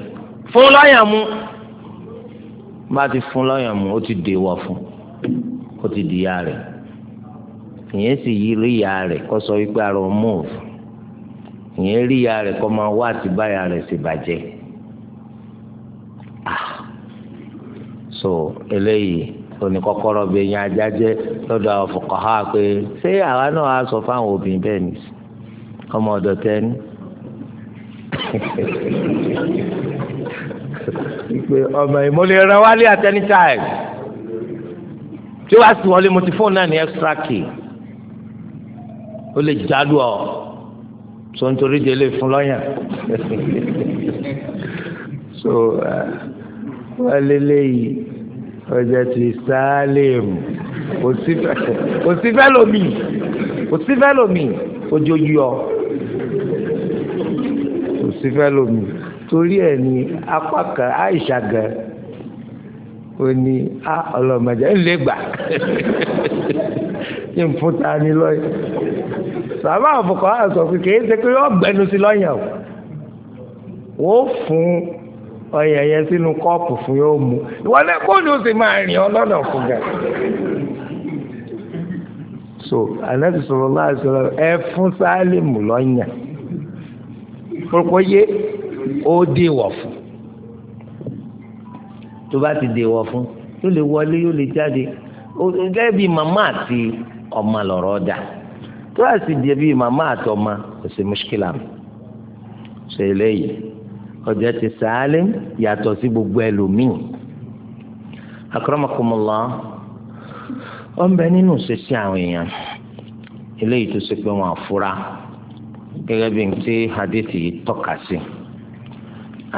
fún lọ́yàn mú bá ti fún lọ́yàn mú ó ti dèwọ̀ fún ó ti di ya rẹ̀ ìyẹn sì yí rí ya rẹ̀ kó sọ wípé ara move ìyẹn rí ya rẹ̀ kó máa wá àti báya rẹ̀ sì bàjẹ́ ah so eléyìí òní kọ́kọ́rọ́ bẹ yẹn ajá jẹ́ lọ́dọ̀ àwọn fuqaha pé ṣé àwa náà á sọ fáwọn obìnrin bẹ́ẹ̀ ni ọmọ ọ̀dọ̀ tẹ́ni pé ọmọ yìí mo lè ràn wálé at any time tí wàá sì wọlé mo ti fóònù náà ní extra key ó lè jálù ọ sọ nítorí délé fún lọ́yàn so uh, wọ́n lé ọjọ́ ti sálẹ̀mù kò lomi, fẹ́ lomi, kò sí fẹ́ lómi ojú ojú ọ kò sí fẹ́ torí ẹ̀ ní apá kan àìsà gan ó ní a ọlọ́mọdé ńlẹ̀ gbà kí n fún ta ni lọ́yìn sàbá àfọkọ́ àṣọ kékeré ṣe pé ọgbẹ́nu sí lọ́yìn o wọ́n fún ọyẹ yẹ sínú kọ́ọ̀pù fún yóò mú ìwọ náà kó ni ó sì máa rìn ọ lọ́nà fún gà. so anabi sọ̀rọ̀ náà sọ̀rọ̀ ẹ fún sálímù lọ́yàn pọ̀pọ̀ yé ó dèwọ̀ fún tó bá ti dèwọ̀ fún yóò lè wọlé yóò lè jáde gẹ́gẹ́ bí màmá àti ọmọ lọ́rọ̀ dà tó bá sì dé bí màmá àti ọmọ kò sí mùṣkílà ṣe eléyìí ọjọ́ ti sàálẹ̀ yàtọ̀ sí gbogbo ẹlòmíì akramakumullah ó ń bẹ nínú ṣíṣe àwọn èèyàn eléyìí tó ṣe pé wọn àfura gẹ́gẹ́ bí n ti hadith yìí tọ́ka sí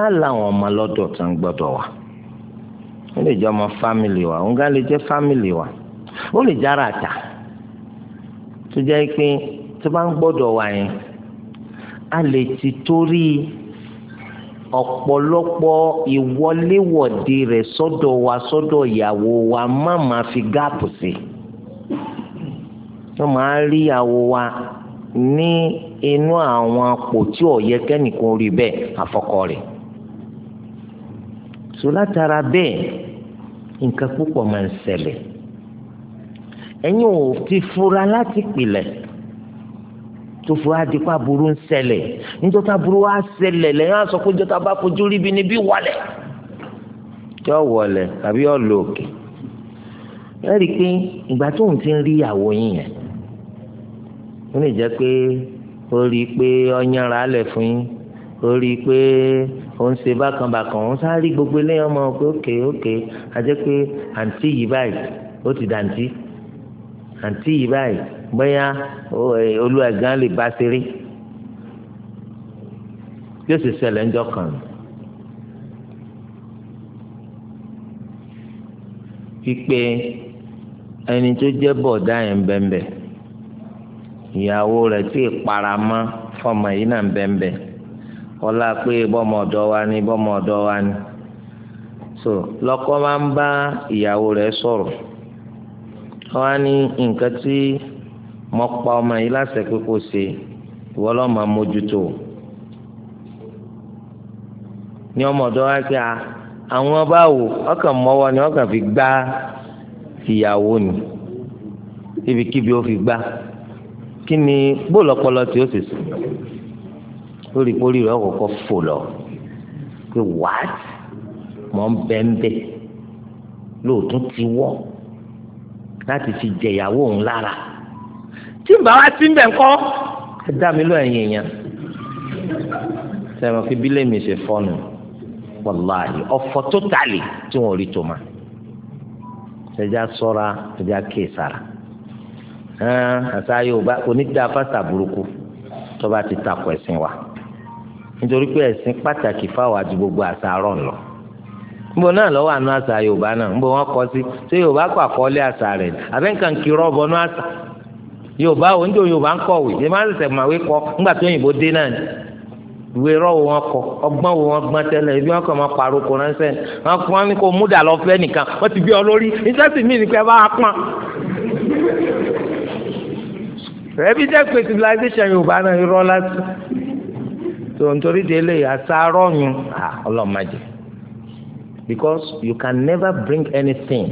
á láwọn ọmọ lọ́dọ̀ tó ń gbọ́dọ̀ wà ó lè jẹ́ ọmọ fámìlì wa òun gan lè jẹ́ fámìlì wa ó lè jára àtà tó jẹ́ pé tó bá ń gbọ́dọ̀ wà yẹn a lè ti torí ọ̀pọ̀lọpọ̀ ìwọléwọ̀de rẹ̀ sọ́dọ̀ wa sọ́dọ̀ ìyàwó wa má máa fi gáàpù sí wọ́n máa rí ìyàwó wa ní inú àwọn apò tí ò yẹ kẹ́nìkan rí bẹ́ẹ̀ àfọkọ rẹ̀ so látara bẹ́ẹ̀ nǹkan púpọ̀ máa ń ṣẹlẹ̀ ẹ̀yin ò ti fura láti pilẹ̀ tó fi wá dípá burú ń ṣẹlẹ̀ níjọ́ta burú wá ṣẹlẹ̀ lẹ́yìn àṣọ pé jọ́ta bá fojú rí ibi níbí wọlẹ̀ tí ó wọlẹ̀ tàbí ó lọ òkè ẹ rí i pé ìgbà tó ń ti rí ìyàwó yín yẹn ó lè jẹ́ pé ó rí i pé ọ̀yànra alẹ̀ fún yín ó rí i pé ó ń ṣe bákan bákan ó sáré gbogbo eléyàn ọmọ pé ókè ókè a pé àǹtí yìí báyìí ó ti dàǹtí àǹtí yìí báyìí bóyá olú ẹ̀gán lè bá ṣeré yóò sì ṣẹlẹ̀ kan. pípé ẹni tó jẹ́ bọ̀dá yẹn bẹ́ẹ̀nbẹ́ẹ̀ ìyàwó rẹ̀ tí ìparamọ́ fọmọ yìí náà bẹ́ẹ̀nbẹ́ẹ̀ ọlá pé bọ́mọ ọ̀dọ́ wa ni bọ́mọ ọ̀dọ́ wa ni so lọ́kọ́ máa ń bá ìyàwó rẹ̀ sọ̀rọ̀ wọ́n á ní nǹkan tí. mo pa ọmọ yìí láṣẹ pé kó ṣe ìwọ lọ́ọ́ máa mójútó ní ọmọ ọ̀dọ́ wá pé ah, àwọn báwo ọkàn mọ́wọ́ ni ọkàn fi gbá ìyàwó ni ibikíbi ó fi gbá kí ni bóòlù ọpọlọ tí ó sì sùn lórí orí rẹ̀ ọkọ̀ọ̀kọ̀ fò lọ pé wàát mọ̀ ń bẹ́ ń bẹ́ lóòótọ́ ti wọ́ láti fi jẹ ìyàwó òun lára tí n bá wá sí bẹ̀ ńkọ́ ẹ dá mi lọ ẹ̀yìn èèyàn sẹ́wọ̀n fi bílẹ̀ mi ṣe fọ́nù wàláhì ọ̀fọ̀ tó tàlì tí wọ́n rí tó ma ṣẹjá sọ́ra ṣẹjá kéè sára àṣà yorùbá onídàá fásità burúkú tó bá ti takò ẹ̀sìn wa nítorí pé ẹ̀sìn pàtàkì fáwọn àti gbogbo àṣà àárọ̀ ńlọ nbọ náà lọ́wọ́ àánú àṣà yorùbá náà nbọ wọn kọ sí ṣé yorùbá kọ àkọọ́lẹ̀ àṣà rẹ̀ àbẹ́ǹkà ń àṣà yorùbá wo ń jẹ́ yorùbá ń kọ̀wé yìí máa ń sẹ̀ màwé kọ nígbà tó òyìnbó dé náà ni ìwé rọ wo wọn kọ ọgbọ́n wo wọn gbọ́n tẹ́lẹ̀ ibi wọn kàn máa pàrọ̀ kò ránṣẹ́ wọn fún wọn ní kò múdà lọ fẹ́ nìkan wọ́n ti bí ọ lórí iṣẹ́ sì mí ni pé bá a pọ́n. ẹbí jẹ́ pé civilization yorùbá náà irọ́ lásán tó nítorí délé àṣà rọ̀yún ọlọ́mọdé because you can never bring anything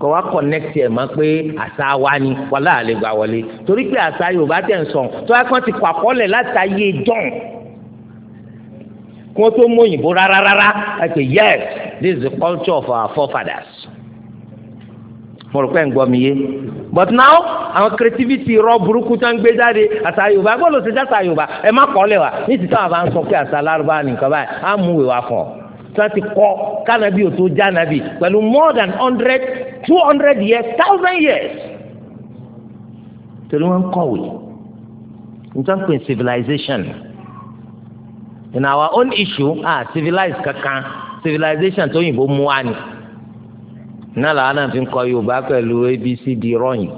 kọ wá connect ẹ mọ pé àṣà wa ni wàhálà àlè gbà wọlé torí pé àṣà yorùbá tẹ̀ ń sọ̀n tó wá kàn ti kọ àkọọ́lẹ̀ látàyè john kí wọ́n tó mú òyìnbó rárá rárá ẹ pé yes this is the culture of our forefathers mo rò pé ń gbọ́ mi yé but now àwọn creativity rọ burúkú tó ń gbé jáde àṣà yorùbá gbọ́dọ̀ ṣe jáde àṣà yorùbá ẹ má kọ́ lẹ̀ wá ní ti táwọn bá ń sọ pé àṣà lárúbá nìkan báyìí á mú ìwà fún ọ tí wọ́n ti kọ́ kánábì ò tó já nábì pẹ̀lú more than hundred two hundred years thousand years torí wọ́n ń kọ̀wé nítorí pé civilization in our own issue ah civilized kankan civilization tó yìnbó mú wa ni náà làwọn náà fi ń kọ Yorùbá pẹ̀lú abc di rọ́yìn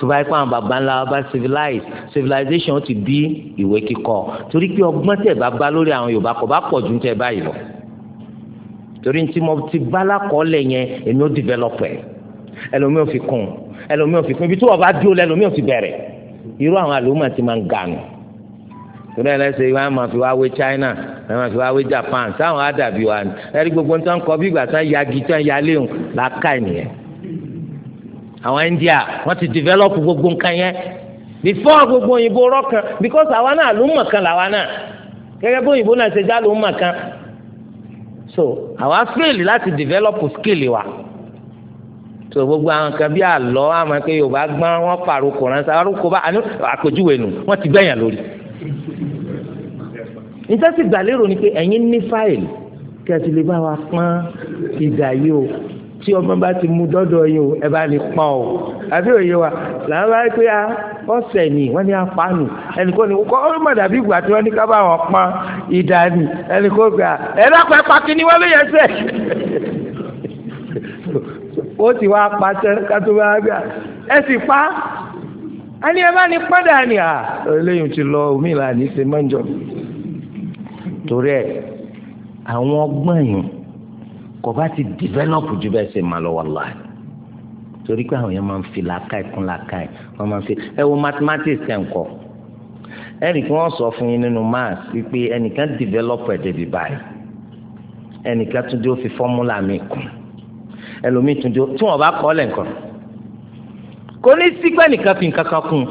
tó bá yẹ àwọn baba ńlá wa bá civilized civilization ti bí ìwé kíkọ torí pé ọgbọ́n tẹ̀ bá bá lórí àwọn Yorùbá kò bá pọ̀ ju tẹ̀ báyìí lọ torí ntí mo ti bá lákọọ́lẹ̀ yẹn èmi ó dìvẹ́lọ́pẹ̀ ẹlòmíì ò fi kún ẹlòmíì ò fi kún ibi tí wọ́n bá dúró lẹ́lòmíì ò fi bẹ̀rẹ̀ irú àwọn àlùmọ̀ ti máa ń gànù torí ẹlẹ́sẹ̀ wọn máa fi wá wé China wọn máa fi wá wé Japan sáwọn àdàbí wa ni ẹ̀rí gbogbo nǹkan kọ bí ìgbà tán yagi tán yaléhùn làákà nìyẹn àwọn India wọ́n ti develop gbogbo nǹkan yẹn before gbogbo òyìnbó rọ́ọ̀kan because àwa náà àlùmọ̀ kan làwa náà gẹ́gẹ́ bí òyìnbó náà ṣe já àlùmọ̀ kan so àwa fail láti develop skill wa so gbogbo àwọn kan bí àlọ́ àmọ́ pé yorùbá gbọ́n wọ́n pàrokò ránṣẹ́ àrokò bá àní àpèjúwe nù wọ́n ti gbẹ̀yàn lórí. nítorí gbàlérò ni pé ẹ̀yin ní fáìlì kí ẹ ti lè bá wa pọ́n ìgbà yìí o tí ọmọ bá ti mú dọ́dọ̀ yín o ẹ bá ní pa o àbí òye wa làwọn bá pé a ọ̀sẹ̀ ni wọ́n ní apánù ẹnìkan ní kọ́ ọ́n mọ̀dà bí ìgbà tí wọ́n ní ká bá wọn pọn ìdá ni ẹnìkan gbà ẹ dákun ẹ pa kíní wọ́n ló yẹ sẹ́ ó ti wá pa sẹ́ kátó bá gbà ẹ sì pa á ní ẹ bá ní pọ́dà ni à eléyìí ti lọ omi ìlànà ìṣe mọ́jọ torí ẹ àwọn ọgbọ́n yìí kò bá ti develop ju bẹ́ẹ̀ ṣe máa lọ wàláhì torí pé àwọn yẹn máa ń fi làákàyè kún làákàyè wọ́n máa ń fi ẹ wo mathematics ẹ̀ ń kọ́ ẹnì kí wọ́n sọ fún yín nínú maths wípé ẹnìkan develop ẹ̀ débi báyìí ẹnìkan tún dé ó fi fọ́múlà mi kún ẹlòmíì tún dé ó tún ọ̀bá kọ́ lẹ́ǹkan kò ní sí pé ẹnìkan fi nǹkan kan kún un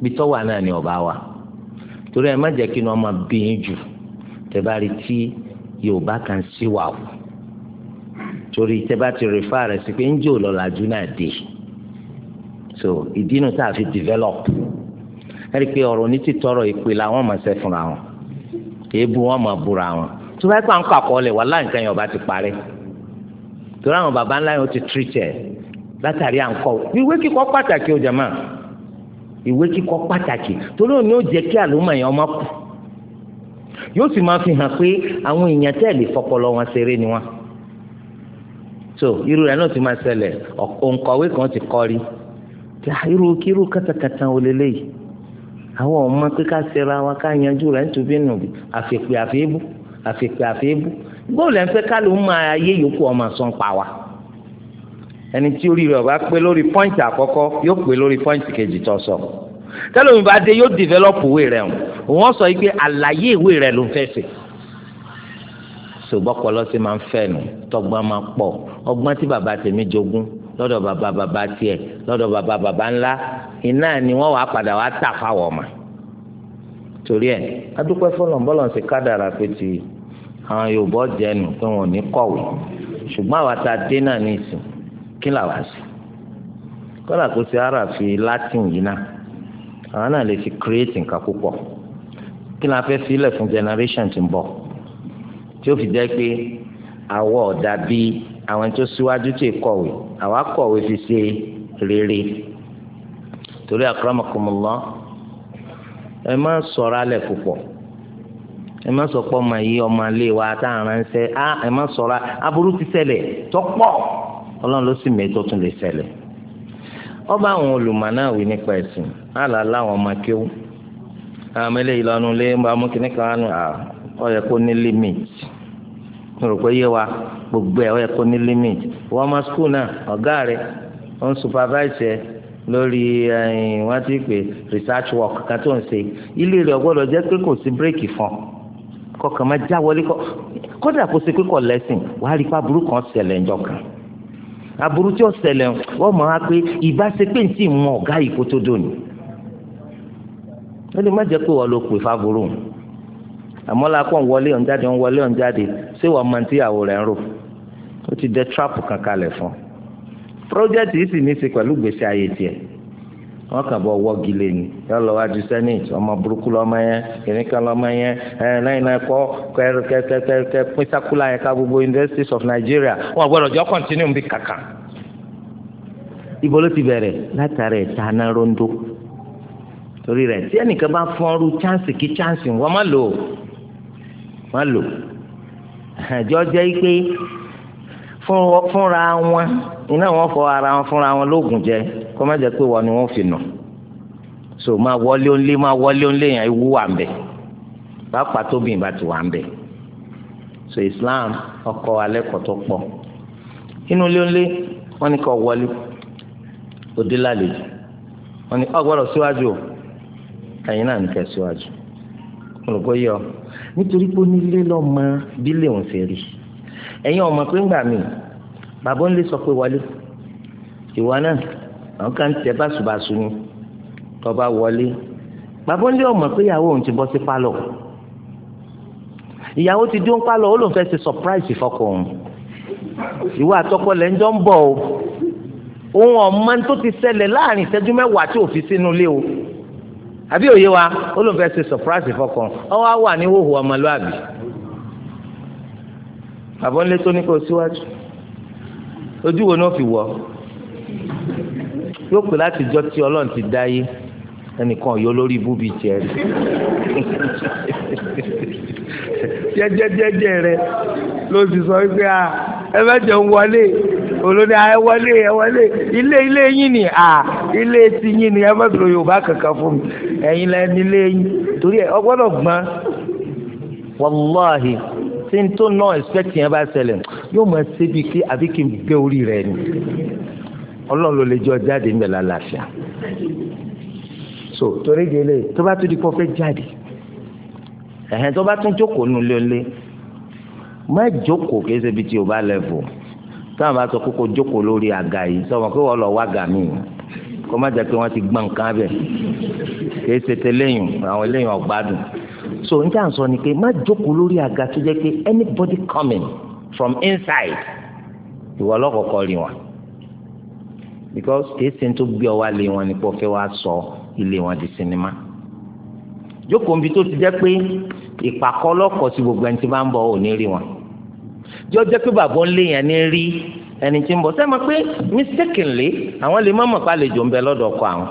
bí náà ni ọ̀bá wa torí ẹ má jẹ́ kí ni wọ́n máa bí yín jù tẹ́ bá rí tí Yorùbá kan síwà o torí tẹ bá ti rìfà rẹ̀ sí pé ń jò lọ́làjú náà dé so ìdínú tá a fi develop ẹ̀rí pé ọ̀rọ̀ ní ti tọrọ ìpè làwọn máa ṣe fúnra wọn èébú wọn máa búra wọn tó bá pa ń kọ àkọọ́lẹ̀ wà láǹkà yẹn ọba ti parí torí àwọn baba ńlá yẹn ó ti treat ẹ̀ látàrí à ń kọ ìwé kíkọ pàtàkì ó jàmá ìwé kíkọ pàtàkì torí òun ni ó jẹ́ kí àlùmọ̀ yẹn ọmọ kù yóò sì máa fi hàn pé àwọn èèyàn tẹ́ẹ̀ fọpọlọ wọn ṣeré ni wọn so irú rẹ̀ náà ti máa ṣẹlẹ̀ òǹkọ̀wé kan ti kọ́ rí irú kírú kátàkátà ò lélẹ́yìí àwọn ọmọ pé ká ṣera wa ká yanjú rẹ̀ nítorí nù àfìpè àfìbú àfìpè àfìbú bóòlù ẹ̀ ń fẹ́ ká ló máa ayé yòókù ọmọ sọ̀ ń pa wa ẹni tí orí rẹ̀ bá pé lórí pọ́ǹtì àkọ́kọ́ yóò pé lórí pọ́ǹtì kejì tó sọ tẹ́lẹ̀ dé yóò dìvẹ́lọ́pù ìwé rẹ̀ òun sọ yìí pé àlàyé ìwé rẹ̀ ló ń fẹ́ fẹ́ sòbọ́pọ̀lọ́ sí máa ń fẹ́ nu tọgbọ́n máa pọ̀ ọgbọ́n tí baba tèmi jogún lọ́dọ̀ baba bàbá tiẹ̀ lọ́dọ̀ bàbá bàbá ńlá iná ni wọ́n wàá padà wàá tà fáwọ̀ mà torí ẹ̀ adúpẹ́ fọlọ́nbọ́lọ́n sì kádàrà pé ti àwọn Yorùbá jẹnu pé wọn ò ní kọ̀wé ṣùgbọ́n àwa ta dé náà ní ìsìn kí làwa sí kọ́là kó ti ara fi Latin yìí náà àwọn náà lè fi create nǹkan púpọ̀ kí la fẹ́ sílẹ̀ fún generation tí ń bọ̀ tí ó fi jẹ́ pé àwọ̀ ọ̀dà àwọn tó síwájú tó kọ̀wé fi ṣe rere torí akramakumullah ẹ má sọ̀rọ̀ alẹ̀ púpọ̀ ẹ má ọmọ ọmọ ilé wa tá à ń ránṣẹ́ á ẹ má sọ̀rọ̀ aburú ti ṣẹlẹ̀ tọ́pọ̀ ọlọ́run ló sì tún lè ọba àwọn nípa ẹ̀sìn àlàlà ó yẹ kó ní limit mo rò pé yé wa gbogbo ẹ̀ ó yẹ kó ní limit wọ́n máa skul náà ọ̀gá rẹ̀ ó supervise ẹ̀ lórí eh, wọ́n ti pè research work kan tó ń ṣe ilé rẹ̀ ọgbọ́dọ̀ jẹ́ pé kò sí bírèkì fún ọ kọkàn máa já wọlé kọ kódà kó ṣe pé kò lẹ́sìn wàá rí i pé aburú kan ṣẹlẹ̀ ńjọ kan aburú tí ó ṣẹlẹ̀ wọ́n mọ̀ wá pé ìbáṣepé ń tì mọ ọ̀gá yìí kó tó dòní ó lè má jẹ́ pé wọ́n ló pè fáburú àmọ́ la kọ́ ń wọlé ọ̀n jáde ń wọlé ọ̀n jáde ṣé rẹ̀ ń rò ó ti dẹ trap kankan lẹ̀ fún un project yìí sì ní í ṣe pẹ̀lú gbèsè ayé tiẹ̀ wọ́n kàn bọ̀ wọ́gi lé yọ lọ wájú senate ọmọ burúkú lọ́mọ yẹn kìnìkan lọ́mọ yẹn lẹ́yìn náà kọ́ kẹ́kẹ́kẹ́kẹ́ gbogbo universities of Nigeria wọn gbọ́dọ̀ jọ continue bí kàkà ibo ló ti bẹ̀rẹ̀ ẹ̀ta náà rondo torí rẹ̀ tí bá chance má lò àjọ jẹ́ pé fúnra wọn iná wọn fọ ara wọn fúnra wọn lóògùn jẹ kó má jẹ́ pé wọn ni wọ́n fi nà so máa wọlé ńlé máa wọlé ńlé yẹn ewu wà ń bẹ pàápàá tóbi ìbá ti wà ń bẹ so Islam ọkọ alẹ́ kọ́ tó pọ̀ inú ilé ńlé wọn ni kò wọlé òde lálejò wọn ni ọgbọ́dọ̀ síwájú ẹ̀yin náà ní kẹ́ síwájú olùkọ́ yọ nítorí pé onílé lọ́mọ bílẹ̀ òun ṣe rí ẹ̀yin ọmọ pé ń gbà mí bàbá ń lè sọ pé wọlé ìwọ náà àwọn kan tẹ báṣubàṣu ni tọba wọlé bàbá ń lé ọmọ pé ìyàwó òun ti bọ́ sí pálọ̀ ìyàwó ti dún pálọ̀ ó lóun fẹ́ ṣe surprise fọkọ òun ìwọ àtọkọ lẹ́ ń jọ ń bọ̀ o òun ọ̀mọ tó ti ṣẹlẹ̀ láàrin ìṣẹ́jú mẹ́wàá tí ò fi sínú ilé o àbí òye wa ó lóun fẹ́ ṣe surprise fọkàn ọwọ́ á wà ní hóhùn ọmọlúàbí àbọ̀ ńlẹ́ tó ní kó síwájú ojú wo ni ó fi wọ̀ yóò pè láti jọ tí ọlọ́run ti dá yé ẹnìkan yóò lórí ibú bíi tiẹ̀ rí jẹjẹjẹjẹ rẹ ló ti sọ pé a ẹ bẹ jẹ ń wọlé olórí ẹ wọlé ẹ wọlé ilé ilé yín ni a ilé ti yín ni ẹ bẹ dúró Yorùbá kankan fún mi ẹ̀yin lẹ nílé yín torí ẹ ọgbọ́dọ̀ gbọ́n wàláhì tí n tó náà expect yẹn bá ṣẹlẹ̀ yóò máa ṣe bíi kí àbí kí n gbé orí rẹ ni ọlọ́run ló lè jọ jáde ń bẹ̀ lálàáfíà so torí délé tó bá tún di kó fẹ́ jáde ẹ̀hẹ́n tó bá tún jókòó nulẹ̀ lé má jókòó kí ẹsẹ̀ bíi ti o bá lẹ́fọ̀ táwọn bá sọ kókó jókòó lórí àga yìí sọ wọn pé wọ́n lọ wá gà míì kó má jẹ́ pé wọ́n ti gbọ́n nǹkan abẹ kì í ṣe tẹ́lẹ̀yìn àwọn eléyìn ọ̀gbádùn so n jẹ́ à ń sọ ni pé má jókòó lórí àga tó jẹ́ pé anybody coming from inside ìwọ lọ́kọ̀ọ̀kọ̀ rí wọn because kì í ṣe tó gbé ọ wá lé wọn ni pé ọ fẹ́ wá sọ ilé wọn di sinimá jókòó nbi tó ti jẹ́ pé ìpàkọ́ lọ́kọ̀ọ́ sí gbogbo ẹni tí bá ń bọ̀ ò ní rí wọn jọ́ jẹ́ pé bàbá ń lé yẹn ní rí ẹni tí ń bọ̀ sẹ́mi pé mistakenly àwọn lè má mọ̀ pa àlejò ń bẹ lọ́dọ̀ ọkọ àwọn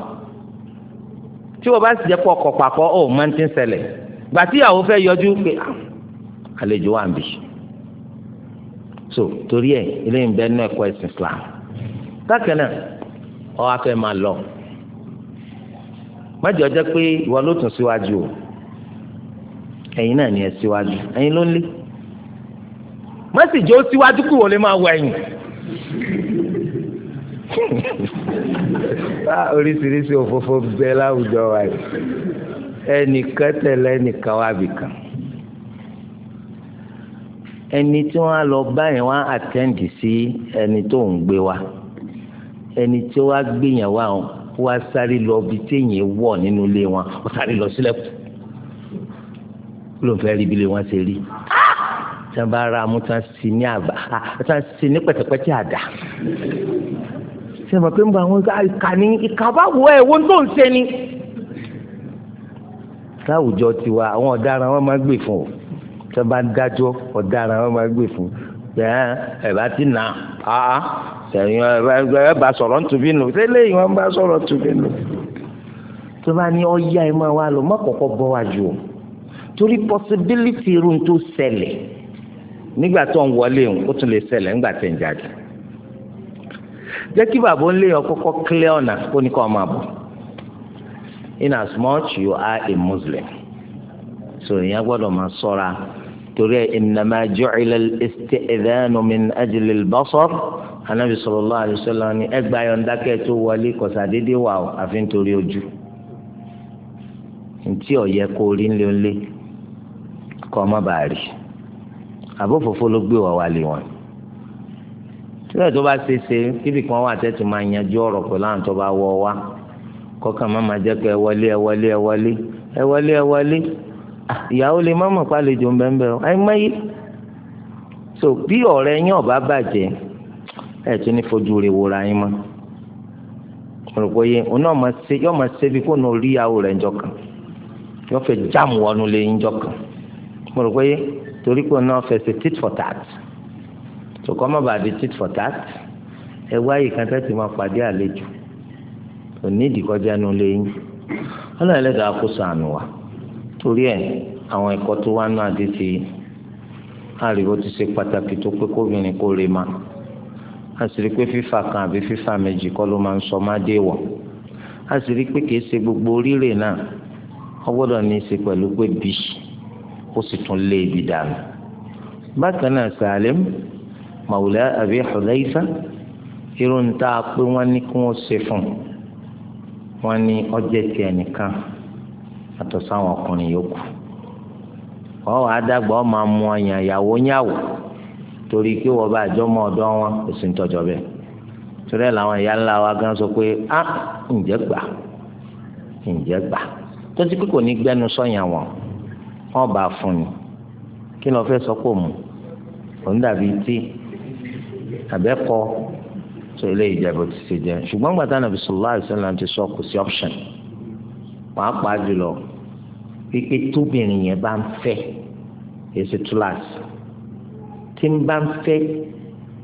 tí wọ́n bá sì jẹ́ pọ̀ ọkọ̀ pàkọ́ ọ̀ máa ń ti ń ṣẹlẹ̀ gbà tí ìyàwó fẹ́ yọjú pé ah, àlejò wà ń bì so torí ẹ eléyìí ń bẹ nínú ẹ̀kọ́ ẹ̀sìn Islam bákan náà ọ wá fẹ́ máa lọ mọ́jọ jẹ́ pé ìwọ ló tún síwájú o ẹ̀yin náà ni ẹ síwájú ẹ̀yin ló ń lé mọ́sìjì ó síwájú kúrò lè máa wọ ẹ̀yìn. Ah, oríṣiríṣi òfófó bẹ láwùjọ wa yìí ẹnìkan tẹ̀lé ẹnìkan wá bìkan ẹni tí wọ́n á lọ báyìí wọ́n á àtẹ́ǹdì sí ẹni tó ń gbé wa ẹni tí wọ́n á gbé yẹn wá wọ́n á sáré lọ bí téèyàn wọ̀ nínú ilé wọn ó sáré lọ sílẹ̀kùn ló ń fẹ́ rí bí wọn ṣe rí tí wọ́n bá ra mú tí wọ́n sì ní àbá tí wọ́n sì ní pẹ̀tẹ̀pẹ̀tẹ̀ àdá ṣe mọ̀ pé ń bá wọn ìka ní ìka bá wọ ẹ̀ wọ́n tó ń ṣe ni. láwùjọ tiwa àwọn ọ̀daràn wọn máa gbè fún o tí wọ́n bá ń dájọ́ ọ̀daràn wọn máa gbè fún bẹ́ẹ̀ ẹ̀ bá ti nà á sẹ̀yìn ẹ̀ bá sọ̀rọ̀ ntùbí nù tẹ́lẹ̀ yìí wọ́n bá sọ̀rọ̀ ntùbí nù. tó bá ní ọ̀yá ẹ̀ máa wá lọ mọ́kọ̀ọ́kọ́ bọ́ wájú o torí possibility irun tó ṣẹlẹ̀ nígbà tó ń wọlé òun tún lè ṣẹlẹ̀ nígbà tó ń jáde jẹ́ kí bàbá ń lé kọ́kọ́ ọ̀nà kó in as much you are a muslim so ìyẹn gbọ́dọ̀ máa sọ́ra torí ẹ̀ innama ju'ila al-isti'dhanu min ajli al-basar anabi sallallahu alaihi wasallam ni ẹgbà yọ̀ǹda kẹ́ tó wọlé kọ̀sádédé wà ó àfi nítorí ojú ntí ọ̀yẹ́ kó rí ńlẹ́ńlẹ́ kọ́ ọ má bàa àbófòfó ló gbé wà wálé wọn síbẹ̀ tó bá ṣe ṣe kíbi kan wà tẹ́tù máa yanjú ọ̀rọ̀ pẹ̀lú àwọn tó bá wọ wá kọ́kàn má máa jẹ́ pé ẹ wọlé ẹ wọlé ẹ wọlé ẹ wọlé ẹ wọlé ah, ìyàwó lè má mọ̀ pálejò ń bẹ́ẹ̀ bẹ́ẹ̀ so bí ọ̀rẹ́ yín ọ̀bá bàjẹ́ ẹ̀ tún ní fojú rẹ̀ wòra yín mọ́ rògbò yẹ ọ náà máa ṣe yọ máa ṣe bí kò náà ìyàwó rẹ̀ ńjọ́ kan yọ fẹ́ jáàmù wọnú lé ńjọ́ kan rògbò yẹ torí pé náà fẹsẹ̀ tit for tat tòkọ́ má bàa di tit for tat ẹ wáyé kan tẹ́tí máa pàdé àlejò òní ìdíkọjá nu lẹ́yìn ọlọ́run ẹlẹ́dàá kó sànù wa torí ẹ̀ àwọn ẹ̀kọ́ tó wá náà dé ti àríwó ti ṣe pàtàkì tó pé kóbìnrin kó lè má a pé fífà kan àbí fífà méjì kọ́ ló máa ń sọ má dé wọ̀ a sì rí pé kìí ṣe gbogbo oríire náà ó ní í ṣe pẹ̀lú pé bíi kó sì tún lé ibi dànù bákan náà Salim mawla Abi Hudhayfa irun tá a pé wọ́n ní kí wọ́n ṣe fún wọn ní ọjọ́ tiẹ̀ nìkan àtọ̀ sáwọn ọkùnrin yòókù ọ wàá dàgbà ọ máa mú ọyàn ìyàwó yàwó torí kí wọ́n bá jọ mọ ọ̀dọ́ wọn kò sí nítọ́jọ́ bẹ́ẹ̀ torí ẹ̀ làwọn ìyá ńlá wa gan sọ pé á ǹjẹ́ gbà ǹjẹ́ gbà tó ti pé kò ní gbẹ́nu sọ̀yàn wọn wọn bá fún ni kí ni wọn fẹ́ sọ pé mu òun dàbí tí àbẹ́kọ tó ilé ìjẹ́bù ti ṣe jẹ́ ṣùgbọ́n gbàtà nàbì sọlá àìsàn náà sọ kò sí option pàápàá jùlọ pípé tóbìnrin yẹn bá ń fẹ́ èsì túláàsì tí ń bá ń fẹ́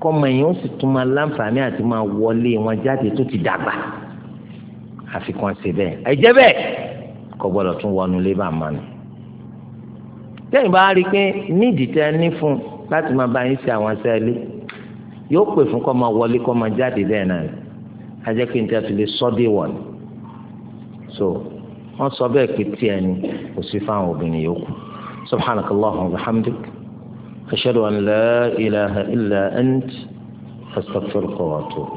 kọ́mọ yẹn ó sì tún máa láǹfààní àti máa wọlé wọn jáde tó ti dàgbà àfikún ṣe bẹ́ẹ̀ ẹ̀jẹ̀ bẹ́ẹ̀ kọ́ gbọ́dọ̀ tún wọnú lébà mánu tẹ́yìn bá rí i pé nídìí tẹ́ ní fún láti máa bá yín ṣe àwọn sẹ́ẹ̀lì yóò pè fún kọ́ máa wọlé kọ́ máa jáde bẹ́ẹ̀ náà ajẹ́ kí n tẹ́ fi lè sọ́dé wọ̀ ni so wọ́n sọ bẹ́ẹ̀ pé tiẹ̀ ni kò sí fáwọn obìnrin yòókù subhanaka allahumma wa bihamdik ashhadu an la ilaha illa ant astaghfiruka wa atubu.